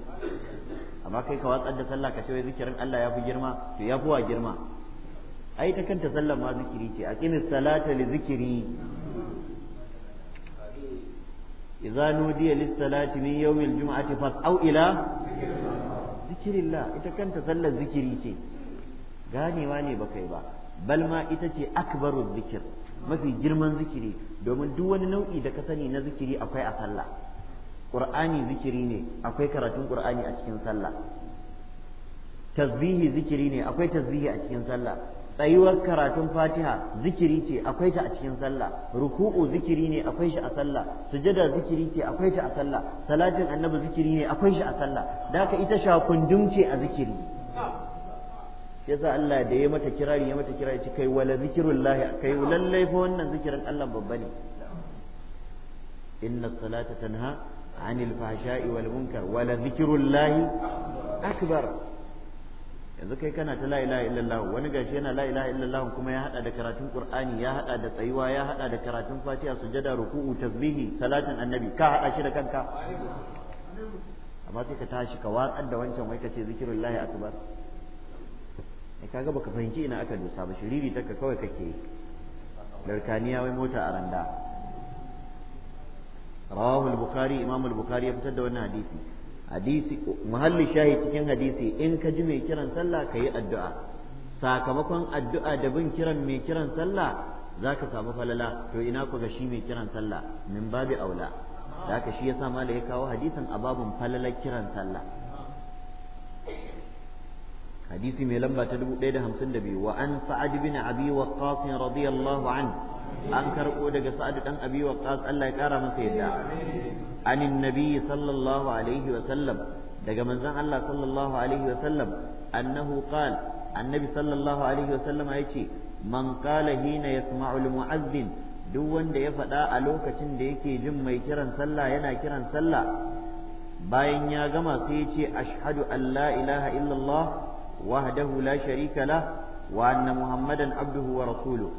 amma kai ka watsar da sallah ka ce zikirin Allah ya fi girma to ya fi wa girma ai ta kanta sallar ma zikiri ce a aqimis salata li zikri idza nudiya lis salati min yawmil jum'ati au ila zikrillah ita kanta sallar zikiri ce ganewa ne baka yi ba bal ma ita ce akbaru zikir mafi girman zikiri domin duk wani nau'i da ka sani na zikiri akwai a sallah qur'ani zikiri ne akwai karatun qur'ani a cikin sallah tasbihi zikiri ne akwai tasbihi a cikin sallah tsayuwar karatun fatiha zikiri ce akwai ta a cikin sallah ruku'u zikiri ne akwai shi a sallah sujada zikiri ce akwai ta a sallah salatin annabi zikiri ne akwai shi a sallah da ita shakundum ce a zikiri ya yasa Allah da ya mata kirari ya mata kirari ce kai wala zikrullahi kai lallai fa wannan zikirin Allah babba ne inna salata tanha anil fahsha'i wal munkar wala zikrullahi akbar yanzu kai kana ta la ilaha illallah wani gashi yana la ilaha illallah kuma ya hada da karatun qur'ani ya hada da tsayuwa ya hada da karatun fatiha sujada ruku'u tasbihi salatin annabi ka hada shi da kanka amma sai ka tashi ka watsar da wancan wai ka ce zikrullahi akbar Eh, kaga ka fahimci ina aka dosa ba shiriri taka kawai kake yi darkaniya wai mota a randa rawahu al-bukhari imam al ya fitar da wannan hadisi hadisi muhalli shahi cikin hadisi in ka ji mai kiran sallah ka yi addu'a sakamakon addu'a da bin kiran mai kiran sallah za ka samu falala to ina ku ga shi mai kiran sallah min babi aula da haka shi yasa malai ya kawo hadisin a babun falalar kiran sallah hadisi mai lamba ta 1052 wa an sa'ad bin abi waqqas radiyallahu anhu an karɓo daga sa'ad dan abi waqqas Allah ya ƙara masa yadda anin nabi sallallahu alaihi wa sallam daga manzon Allah sallallahu alaihi wa sallam annahu qal annabi sallallahu alaihi wa sallam yace man qala hina yasma'ul mu'azzin duk wanda ya faɗa a lokacin da yake jin mai kiran sallah yana kiran sallah bayan ya gama sai ya ce ashhadu an la ilaha illallah وحده لا شريك له وأن محمدا عبده ورسوله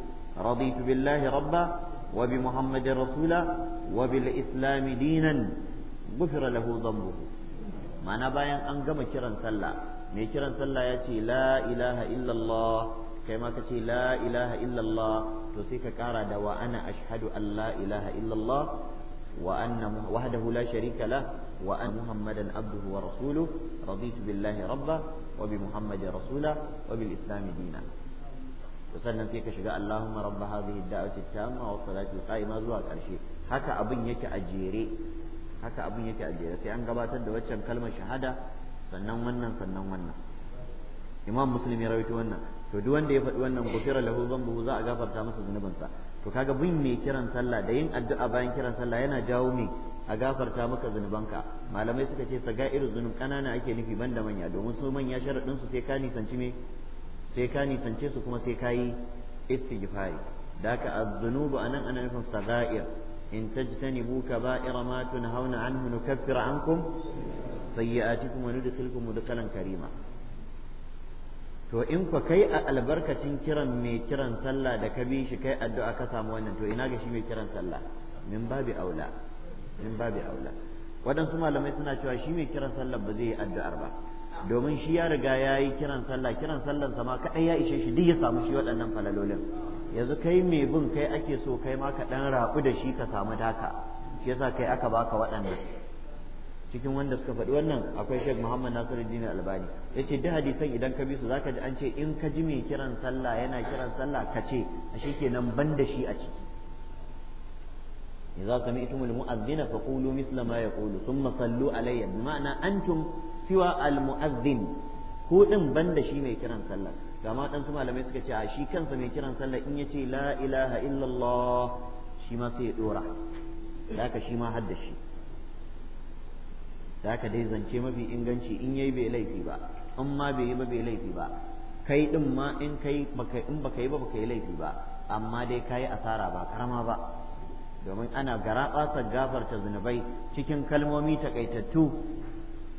رضيت بالله ربا وبمحمد رسولا وبالإسلام دينا غفر له ذنبه ma'ana bayan an gama kiran sallah mai kiran sallah ya ce la ilaha illallah kai ma ka la ilaha illallah to sai ka kara da wa ana ashhadu an la illallah وأن وحده لا شريك له وأن محمدا عبده ورسوله رضيت بالله ربا وبمحمد رسولا وبالإسلام دينا وسلم فيك شجاء اللهم رب هذه الدعوة التامة والصلاة القائمة زواج أرشي هكا أبن يك أجيري هكا أبن يك أجيري في أن قبات الدوتشم كلمة شهادة sannan wannan sannan wannan imam muslim ya rawaito wannan to duk wanda ya faɗi wannan gufira lahu dhanbuhu za a gafarta masa zunubansa to kaga bin mai kiran sallah da yin addu'a bayan kiran sallah yana jawo mai a gafarta maka zunubanka malamai suka ce irin zunub kanana ake nufi banda manya domin su manya sharadin su sai ka nisanci me sai ka nisance su kuma sai kayi istighfari da ka az-zunubu anan ana nufin sagair in tajtanibu kaba'ira ma tunhauna anhu nukaffiru ankum sayyi'atikum wa nudkhilukum mudkhalan karima to in kwa kai a albarkacin kiran mai kiran sallah da ka bi shi kai addu'a ka samu wannan to ina ga shi mai kiran sallah min babi aula min babi aula waɗansu malamai suna cewa shi mai kiran sallah ba zai yi addu'ar ba domin shi ya riga ya yi kiran sallah kiran sallan sama kaɗai ya ishe shi duk ya samu shi waɗannan falalolin yanzu kai mai bin kai ake so kai ma ka ɗan rabu da shi ka samu daka shi yasa kai aka baka waɗannan cikin wanda suka faɗi wannan akwai Sheikh Muhammad Nasiruddin Albani yace duk hadisan idan ka bi su zaka ji an ce in ka ji mai kiran sallah yana kiran sallah ka ce ashe kenan ban da shi a ciki idza sami'tum al-mu'adhdhina ya kulu ma yaqulu thumma sallu alayya bima'ana antum siwa al-mu'adhdhin ko din ban da shi mai kiran sallah kama dan su malamai suka ce a shi kansa mai kiran sallah in yace la ilaha illallah shi ma sai ya dora haka shi ma haddashi shi da aka dai zance mafi inganci in yayi bai laifi ba in ma bai yi ba bai laifi ba kai din ma in kai baka in baka yi ba baka yi laifi ba amma dai kayi asara ba karama ba domin ana garaɓasa gafarta zunubai cikin kalmomi takaitattu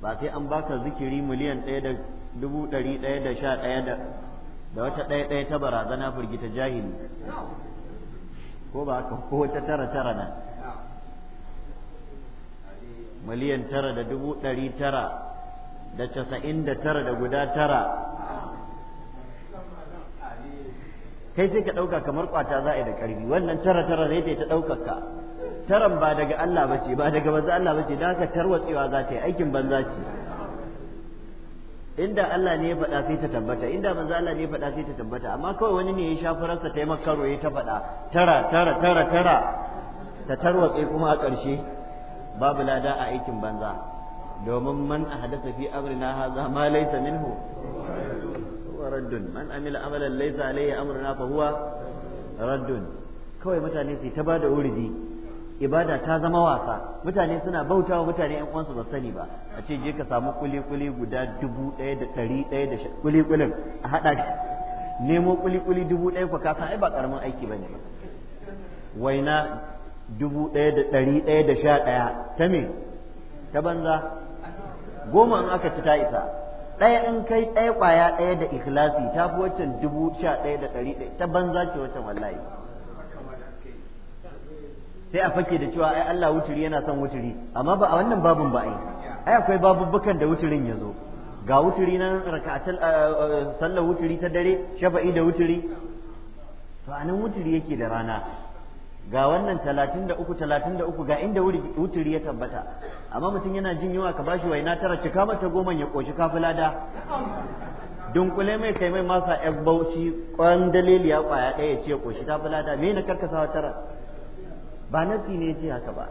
ba sai an baka zikiri miliyan ɗaya da dubu ɗari ɗaya da sha ɗaya da wata ɗaya ɗaya ta barazana firgita jahili ko ba ko wata tara tara nan miliyan tara da dubu ɗari tara da casa'in da tara da guda tara kai sai ka ɗauka kamar ƙwata za a yi da ƙarfi wannan tara tara zai ta ɗaukaka taran ba daga Allah ba ce ba daga banza Allah ba ce da haka tarwatsewa za ta yi aikin banza ce inda Allah ne ya faɗa sai ta tabbata inda banza Allah ne ya faɗa sai ta tabbata amma kawai wani ne ya sha fararsa ta yi makaro ya ta faɗa tara tara tara tara ta tarwatse kuma a ƙarshe babu lada a aikin banza domin man ahdatha fi amrina hadha ma laysa minhu wa raddun man amila amalan laysa alayhi amruna fa huwa raddun kawai mutane su ta bada wuridi ibada ta zama wasa mutane suna bautawa mutane yan uwansu ba sani ba a ce je ka samu kuli-kuli guda dubu ɗaya da ɗari ɗaya da kuli-kulin a haɗa nemo kuli-kuli dubu ɗaya ka kasa ai ba ƙaramin aiki ba ne waina dubu ɗaya da ɗari ɗaya da sha ɗaya ta me ta banza goma in aka ci ta isa ɗaya in kai ɗaya ƙwaya ɗaya da ikhlasi ta fi waccan dubu sha ɗaya da ɗari ɗaya ta banza ce waccan wallahi sai a fake da cewa ai Allah wuturi yana son wuturi amma ba a wannan babun ba ai ai akwai babubbukan da wuturin ya zo ga wuturi nan rakatul sallar wuturi ta dare shafa'i da wuturi to anan wuturi yake da rana ga wannan talatin da uku talatin da uku ga inda wuturi ya tabbata amma mutum yana jin yawa ka bashi waina tara cika mata goma ya ƙoshi kafila da dunkule mai kai mai masa yan bauchi ƙwan daliliya ƙwaya ɗaya ya ce ƙoshi kafi da me na karkasawa tara ba nasi ne ce haka ba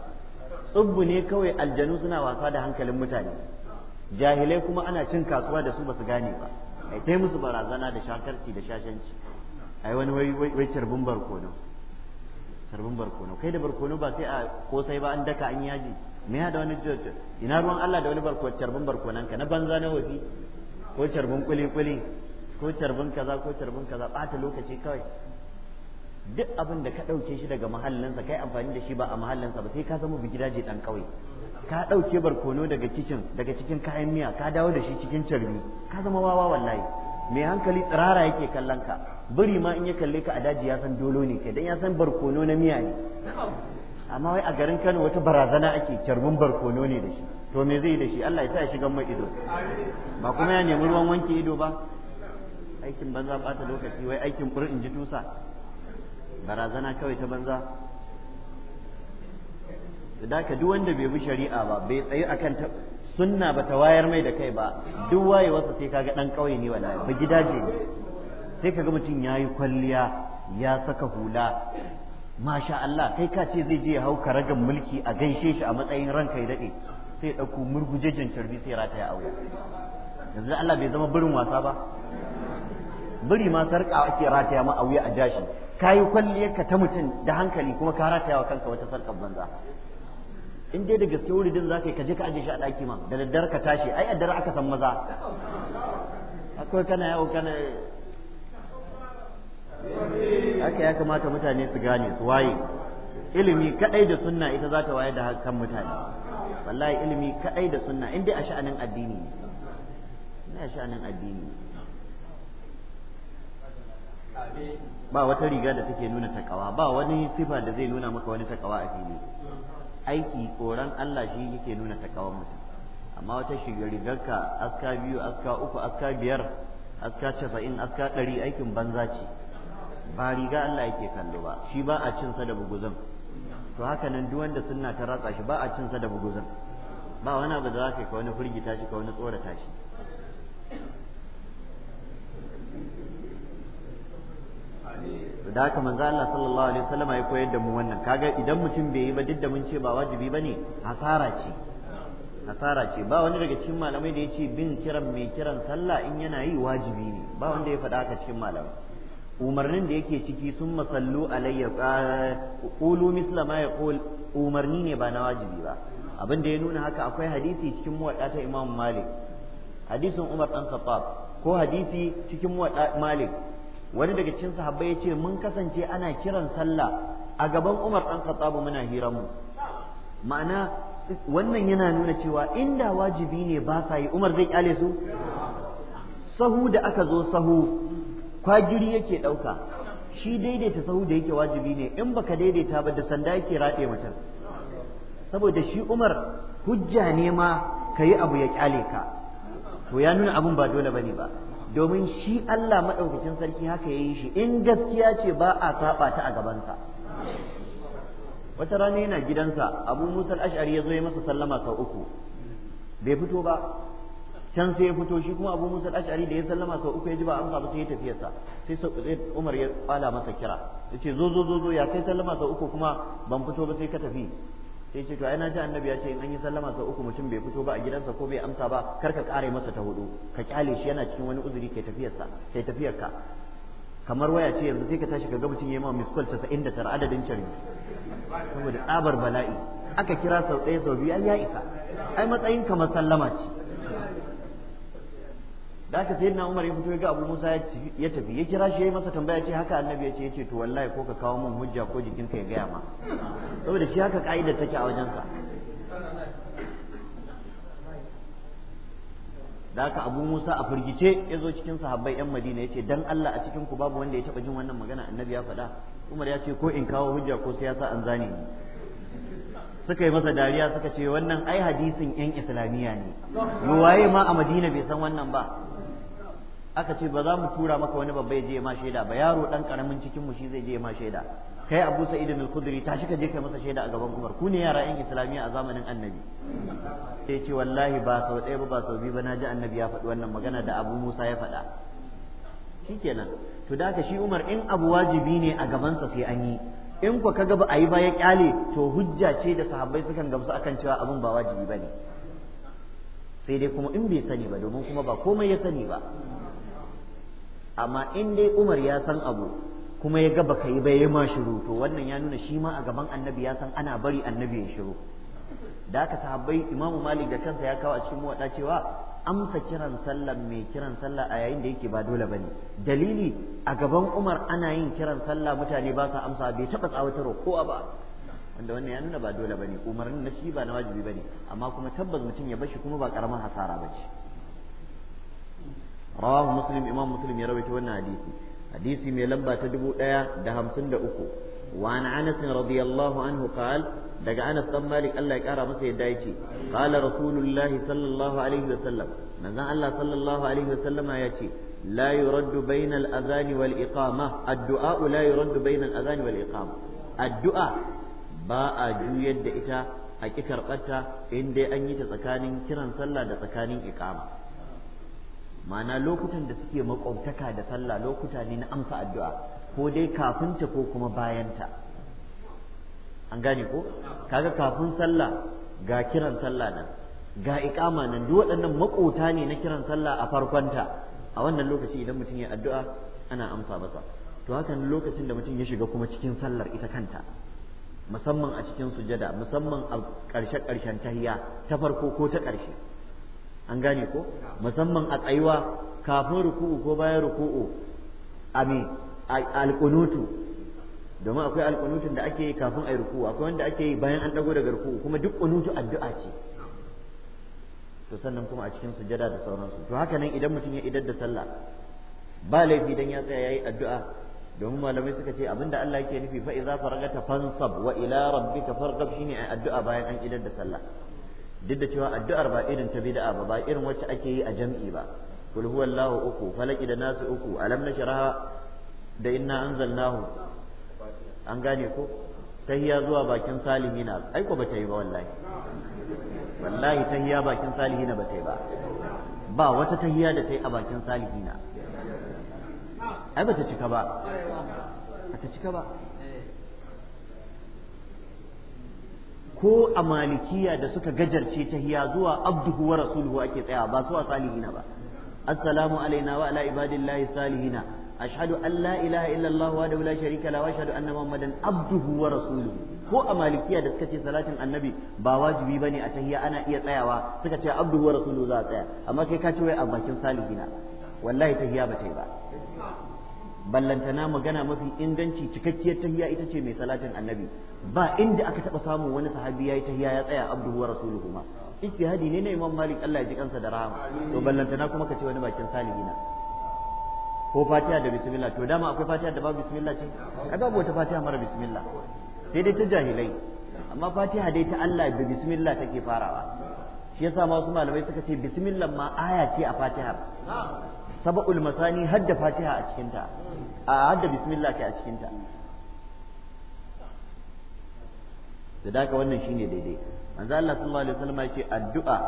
tsubbu ne kawai aljanu suna wasa da hankalin mutane jahilai kuma ana cin kasuwa da su ba su gane ba ai musu barazana da shakarci da shashanci ai wani wai wai barbun barkono sarbin barkono kai da barkono ba sai a ko sai ba an daka an yaji me ya da wani jojo ina ruwan Allah da wani barkono carbin barkonan ka na banza na wafi ko carbin kuli kuli ko carbin kaza ko carbin kaza bata lokaci kawai duk abin da ka ɗauke shi daga mahallinsa kai amfani da shi ba a mahallinsa ba sai ka zama bigidaje dan kawai. ka ɗauke barkono daga kicin daga cikin kayan miya ka dawo da shi cikin carbi ka zama wawa wallahi mai hankali tsirara yake kallon ka biri ma in ya kalle ka a daji ya san dolo ne kai dan ya san barkono na miya ne amma wai a garin Kano wata barazana ake kyarbin barkono ne da shi to me zai da shi Allah ya sa ya shiga mai ido ba kuma ya nemi ruwan wanke ido ba aikin banza bata lokaci wai aikin kur in ji tusa barazana kawai ta banza da ka duk wanda bai bi shari'a ba bai tsayi akan sunna ba ta wayar mai da kai ba duk wayewarsa sai kaga dan kauye ne wala ba gidaje ne sai kaga mutum ya yi kwalliya ya saka hula masha Allah kai ka ce zai je ya hau karagan mulki a gaishe shi a matsayin ranka ya daɗe sai ɗauko murgujejen carbi sai rata ya auya yanzu Allah bai zama birin wasa ba biri ma sarƙa ake rataya ma a a jashi ka yi kwalliyarka ta mutum da hankali kuma ka rataya wa kanka wata sarƙar banza in dai da gaske wuridin za ka yi ka je ka aje shi a ɗaki ma da daddare ka tashi ai daddare aka san maza akwai kana yawo kana haka ya kamata mutane su gane su waye ilimi kadai da sunna ita za ta wayar da kan mutane wallahi ilimi kadai da sunna in dai a sha'anin addini ne a sha'anin addini ba wata riga da take nuna takawa ba wani sifa da zai nuna maka wani takawa a fili aiki tsoron Allah shi yake nuna takawan mutum amma wata rigarka aska biyu aska uku aska biyar aska casa'in aska ɗari aikin banza ce ba riga Allah yake kallo ba shi ba a cinsa da buguzan to haka nan duk wanda sunna ta ratsa shi ba a cinsa da buguzan ba wani abu da za ka yi ka wani firgita shi ka wani tsorata shi da haka manzo Allah sallallahu alaihi wasallam ya koyar da mu wannan kaga idan mutum bai yi ba duk da mun ce ba wajibi bane hasara ce hasara ce ba wani daga cikin malamai da ya ce bin kiran mai kiran sallah in yana yi wajibi ne ba wanda ya faɗa haka cikin malamai umarnin da yake ciki sun masallu alayya qulu misla ma yaqul umarni ne ba na wajibi ba abin da ya nuna haka akwai hadisi cikin muwadda ta Imam Malik hadisin Umar dan Khattab ko hadisi cikin muwadda Malik wani daga cikin sahabbai ya ce mun kasance ana kiran sallah a gaban Umar dan Khattab muna hiran mu ma'ana wannan yana nuna cewa inda wajibi ne ba sa yi Umar zai kyale su sahu da aka zo sahu kwagiri yake ɗauka shi daidaita sahu da yake wajibi ne in baka daidaita ba da sanda yake raɗe mutum saboda shi umar hujja ne ma ka yi abu ya kyale ka to ya nuna abun ba dole bane ba domin shi Allah maɗaukacin sarki haka ya yi shi in gaskiya ce ba a saba ta a gabansa wata rana yana gidansa abu musa ashari ya zo ya masa sallama sau uku bai fito ba can sai ya fito shi kuma abu musa al-ash'ari da ya sallama sau uku ya ji ba amsa ba sai ya tafi sa sai sai umar ya kwala masa kira yace zo zo zo zo ya kai sallama sau uku kuma ban fito ba sai ka tafi sai ce to ai na ji annabi ya ce in an yi sallama sau uku mutum bai fito ba a gidansa ko bai amsa ba kar ka kare masa ta hudu ka kyale shi yana cikin wani uzuri kai tafiyarsa kai tafiyarka kamar waya ce yanzu sai ka tashi ka ga mutum yayi ma miss call 99 adadin cari saboda tsabar bala'i aka kira sau ɗaya sau biyu ai ya isa ai matsayinka kamar sallama ce da sayi na Umar ya fito ya ga Abu Musa ya tafi ya kira shi ya yi masa tambaya ce haka annabi ya ce yace to wallahi ko ka kawo min hujja ko jikinka ya gaya ma saboda shi haka ka'idar take a wajensa da haka Abu Musa a firgice ya zo cikin sahabbai yan Madina ya ce dan Allah a cikin ku babu wanda ya taba jin wannan magana annabi ya faɗa Umar ya ce ko in kawo hujja ko sai ya sa an zane ni suka yi masa dariya suka ce wannan ai hadisin yan islamiyya ne waye ma a Madina bai san wannan ba aka ce ba za mu tura maka wani babba ya je ma shaida ba yaro dan karamin cikin mu shi zai je ma shaida kai Abu Sa'id al-Khudri tashi ka je kai masa shaida a gaban Umar ku ne yara yan Islamiyya a zamanin Annabi sai ce wallahi ba sau ɗaya ba ba sau biyu ba naji Annabi ya faɗi wannan magana da Abu Musa ya faɗa shikenan to da shi Umar in abu wajibi ne a gabansa sai an yi in ku kaga ba a yi ba ya kyale to hujja ce da sahabbai sukan gamsu akan cewa abin ba wajibi bane sai dai kuma in bai sani ba domin kuma ba komai ya sani ba amma in dai Umar ya san abu kuma ya ga baka yi ba ya ma shiru to wannan ya nuna shi ma a gaban annabi ya san ana bari annabi ya shiru da aka sahabbai imamu malik da kansa ya kawo a cikin muwada cewa amsa kiran sallah mai kiran sallah a yayin da yake ba dole bane dalili a gaban umar ana yin kiran sallah mutane ba sa amsa bai taba tsawatarwa a ba wanda wannan ya nuna ba dole bane umarnin na shi ba na wajibi bane amma kuma tabbas mutum ya bashi kuma ba karamar hasara bace rawahu muslim imam muslim ya rawaito wannan hadisi hadisi mai lamba ta dubu ɗaya da hamsin da uku wa an anas radiyallahu anhu qal daga anas dan malik Allah ya kara masa yadda yace qala rasulullahi sallallahu alaihi wasallam manzon Allah sallallahu alaihi yace لا يرد بين الأذان والإقامة الدعاء لا يرد بين الأذان والإقامة الدعاء باء جويد إتا أكي كربتا إن دي أني تسكانين كران صلى تسكانين إقامة ma'ana lokutan da suke makwabtaka da sallah lokuta ne na amsa addu'a ko dai kafinta ko kuma bayanta an gane ko kaga kafin sallah ga kiran sallah nan ga iqama nan duk waɗannan makota ne na kiran sallah a farkonta a wannan lokaci idan mutum ya addu'a ana amsa masa to hakan lokacin da mutum ya shiga kuma cikin sallar ita kanta musamman a cikin sujada musamman a ƙarshe ƙarshen tahiya ta farko ko ta ƙarshe an gane ko musamman a tsayuwa kafin ruku'u ko bayan ruku'u a me alƙunutu domin akwai alƙunutun da ake yi kafin a yi ruku'u akwai wanda ake yi bayan an ɗago daga ruku'u kuma duk ƙunutu addu'a ce to sannan kuma a cikin sujada da sauransu to haka nan idan mutum ya idar da sallah ba laifi dan ya tsaya yayi addu'a domin malamai suka ce abinda Allah yake nufi fa iza faragata fansab wa ila rabbika farqab shine addu'a bayan an idar da sallah duk da cewa addu'ar ba irin ta bid'a ba ba irin wacce ake yi a jam'i ba kul huwallahu uku falaki da nasu uku alam nashraha da inna anzalnahu an gane ko tahiya zuwa bakin salihina ai ko bata yi ba wallahi wallahi tahiya bakin salihina bata yi ba ba wata tahiya da ta yi a bakin salihina ai bata cika ba bata cika ba ko a malikiya da suka gajarce tahiya zuwa abduhu wa rasuluhu ake tsaya ba su a salihina ba assalamu alaina wa ala ibadillahi salihina ashhadu an la ilaha illallah wa la sharika la wa ashhadu anna muhammadan abduhu wa rasuluhu ko a malikiya da suka ce salatin annabi ba wajibi bane a tahiya ana iya tsayawa suka ce abduhu wa rasuluhu za a tsaya amma kai ka ce wai a bakin salihina wallahi tahiya ba ta yi ba ballantana magana mafi inganci cikakkiyar tahiya ita ce mai salatin annabi ba inda aka taba samun wani sahabi yayi tahiya ya tsaya abduhu wa rasuluhu ma ijtihadi ne na imam malik Allah ya ji kansa da rahama to ballantana kuma ka ce wani bakin salihi na. ko fatiha da bismillah to dama akwai fatiha da babu bismillah ce ai babu wata fatiha mara bismillah sai dai ta jahilai amma fatiha dai ta Allah da bismillah take farawa shi yasa ma wasu malamai suka ce bismillah ma aya ce a fatihar saba'ul masani hadda fatiha a cikinta a hadda bismillah kai a cikinta da daga wannan shine daidai manzo Allah sallallahu alaihi wasallam yace addu'a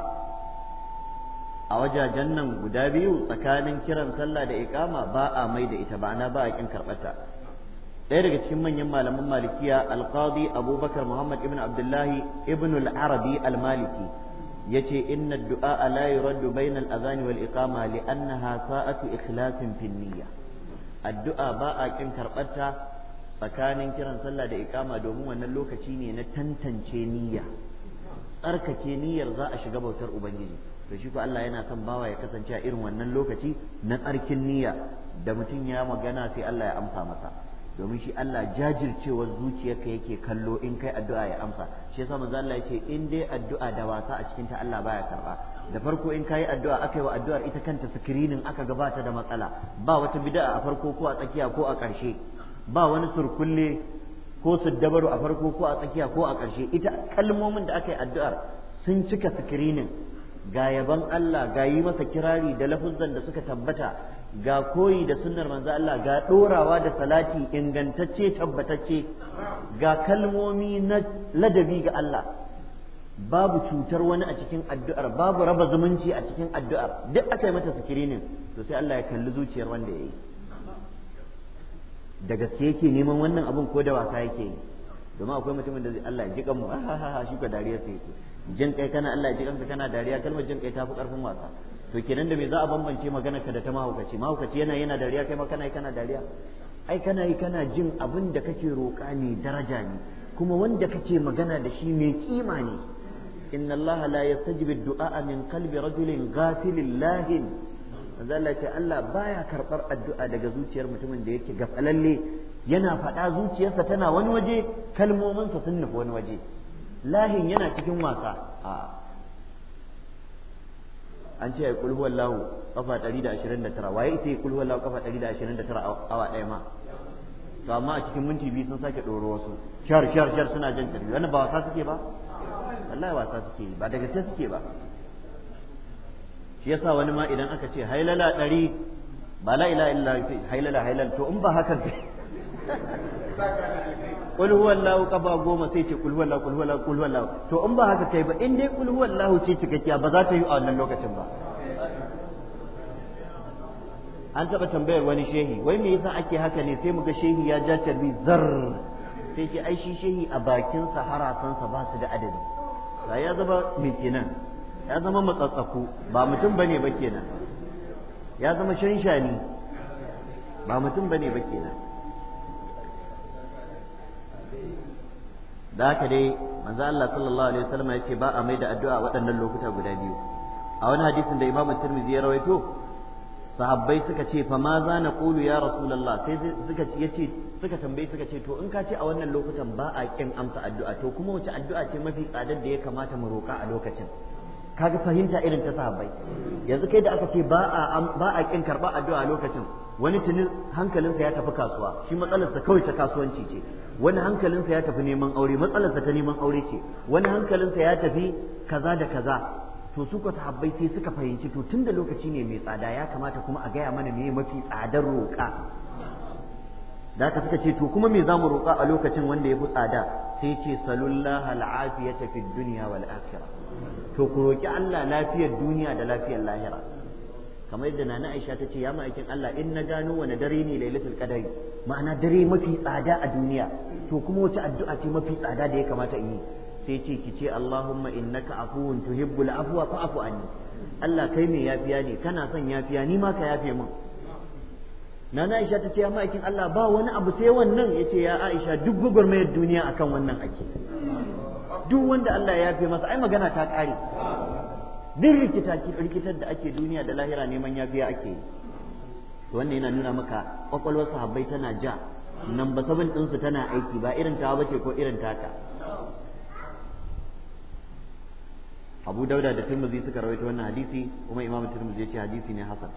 a wajajen nan guda biyu tsakanin kiran sallah da iqama ba a mai da ita ba ana ba a kin karbata ɗaya daga cikin manyan malaman malikiya alqadi abubakar muhammad ibn abdullahi ibn al-arabi al-maliki yace inna du'a la yuraddu bayna al-adhan wal iqama li'annaha sa'atu ikhlasin fi niyya addu'a ba a kin karbarta tsakanin kiran sallah da iqama domin wannan lokaci ne na tantance niyya tsarkake niyyar za a shiga bautar ubangiji to shi ko Allah yana son bawa ya kasance a irin wannan lokaci na tsarkin niyya da mutum ya magana sai Allah ya amsa masa domin shi Allah jajircewar zuciyarka yake kallo in kai addu'a ya amsa shi yasa manzo Allah yace in dai addu'a da wasa a cikin ta Allah baya karba da farko in kai addu'a aka yi wa addu'ar ita kanta screening aka gabata da matsala ba wata bid'a a farko ko a tsakiya ko a ƙarshe ba wani surkulle ko dabaru a farko ko a tsakiya ko a ƙarshe ita kalmomin da aka yi addu'ar sun cika screening ga yaban Allah ga yi masa kirari da lafuzan da suka tabbata ga koyi da sunnar manzo Allah ga dorawa da salati ingantacce tabbatacce ga kalmomi na ladabi ga Allah babu cutar wani a cikin addu'ar babu raba zumunci a cikin addu'ar duk aka yi mata sikirinin to sai Allah ya kalli zuciyar wanda ya yi da gaske yake neman wannan abun ko da wasa yake yi domin akwai mutumin da zai Allah ya ji kanmu ha ha ha shi ka dariya sai yake jin kai kana Allah ya ji kanka kana dariya kalmar jin kai ta fi karfin wasa to kenan da me za a bambance maganarka da ta mahaukaci mahaukaci yana yana dariya kai ma kana kana dariya ai kana yi kana jin abin da kake roƙa ne daraja ne kuma wanda kake magana da shi mai kima ne inna allaha la yastajibu du'a min qalbi rajulin ghafilin lahin manzo Allah ce Allah baya karɓar addu'a daga zuciyar mutumin da yake gafalalle yana faɗa zuciyarsa tana wani waje kalmominsa sun nufi wani waje lahin yana cikin wasa an ce ai kulhu wallahu kafa 129 waye ita kulhu wallahu kafa 129 awa ɗaya ma to amma a cikin minti biyu sun sake doro wasu shar shar shar suna jan tarbi wannan ba wasa suke ba wallahi wasa suke ba daga sai suke ba shi yasa wani ma idan aka ce hailala 100 ba la ilaha illa hailala hailal to in ba hakan kai kul Wallahu kafa goma sai ce kul allahu kul allahu kul allahu. to in ba haka kai ba in dai kul Wallahu ce cikakkiya ba za ta yi a wannan lokacin ba an taba tambayar wani shehi wai me yasa ake haka ne sai muga shehi ya ja tarbi zar sai ke ai shi shehi a bakin sa harasansa ba su da adadi Sai ya zama mikinan ya zama matsatsaku ba mutum bane ba kenan ya zama shanshani ba mutum bane ba kenan da haka dai manzo Allah sallallahu alaihi wasallam ya ce ba a mai da addu'a waɗannan lokuta guda biyu a wani hadisin da Imam Tirmidhi ya rawaito sahabbai suka ce fa ma za na qulu ya rasulullah sai suka yace suka tambaye suka ce to in ka ce a wannan lokutan ba a kin amsa addu'a to kuma wace addu'a ce mafi tsadar da ya kamata mu roƙa a lokacin kaga fahimta irin ta sahabbai yanzu kai da aka ce ba a ba a kin karba addu'a a lokacin wani tunin hankalinsa ya tafi kasuwa shi matsalarsa kawai ta kasuwanci ce wani hankalinsa ya tafi neman aure matsalarsa ta neman aure ce wani hankalinsa ya tafi kaza da kaza to su sahabbai sai suka fahimci to tunda lokaci ne mai tsada ya kamata kuma a gaya mana ne mafi tsadar roƙa da haka suka ce to kuma me za mu roƙa a lokacin wanda ya fi tsada sai ce salullah al'afiyata fid dunya wal akhirah to ku roƙi Allah lafiyar duniya da lafiyar lahira kamar yadda nana Aisha ta ce ya ma'aikin Allah in na gano wani dare ne lailatul qadari ma'ana dare mafi tsada a duniya to kuma wace addu'a ce mafi tsada da ya kamata in yi sai ce ki ce Allahumma innaka afuwun tuhibbul afwa fa'fu anni Allah kai mai yafiya ne kana son yafiya ni ma ka yafe min nana Aisha ta ce ya ma'aikin Allah ba wani abu sai wannan yace ya Aisha duk gugurmayar duniya akan wannan ake duk wanda Allah ya yafe masa ai magana ta kare duk rikita rikitar da ake duniya da lahira neman biya ake yi wannan yana nuna maka kwakwalwar sahabbai tana ja nan ba sabon ɗinsu tana aiki ba irin ta bace ko irin taka abu dauda da turmuzi suka rawaito wannan hadisi kuma imamu turmuzi ya ce hadisi ne hasan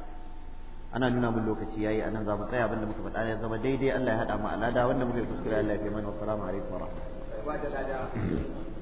ana nuna mun lokaci yayi anan za mu tsaya abinda muka faɗa ya zama daidai Allah ya haɗa mu alada wanda muka yi kuskure Allah ya fi mana wassalamu alaikum wa rahmatullahi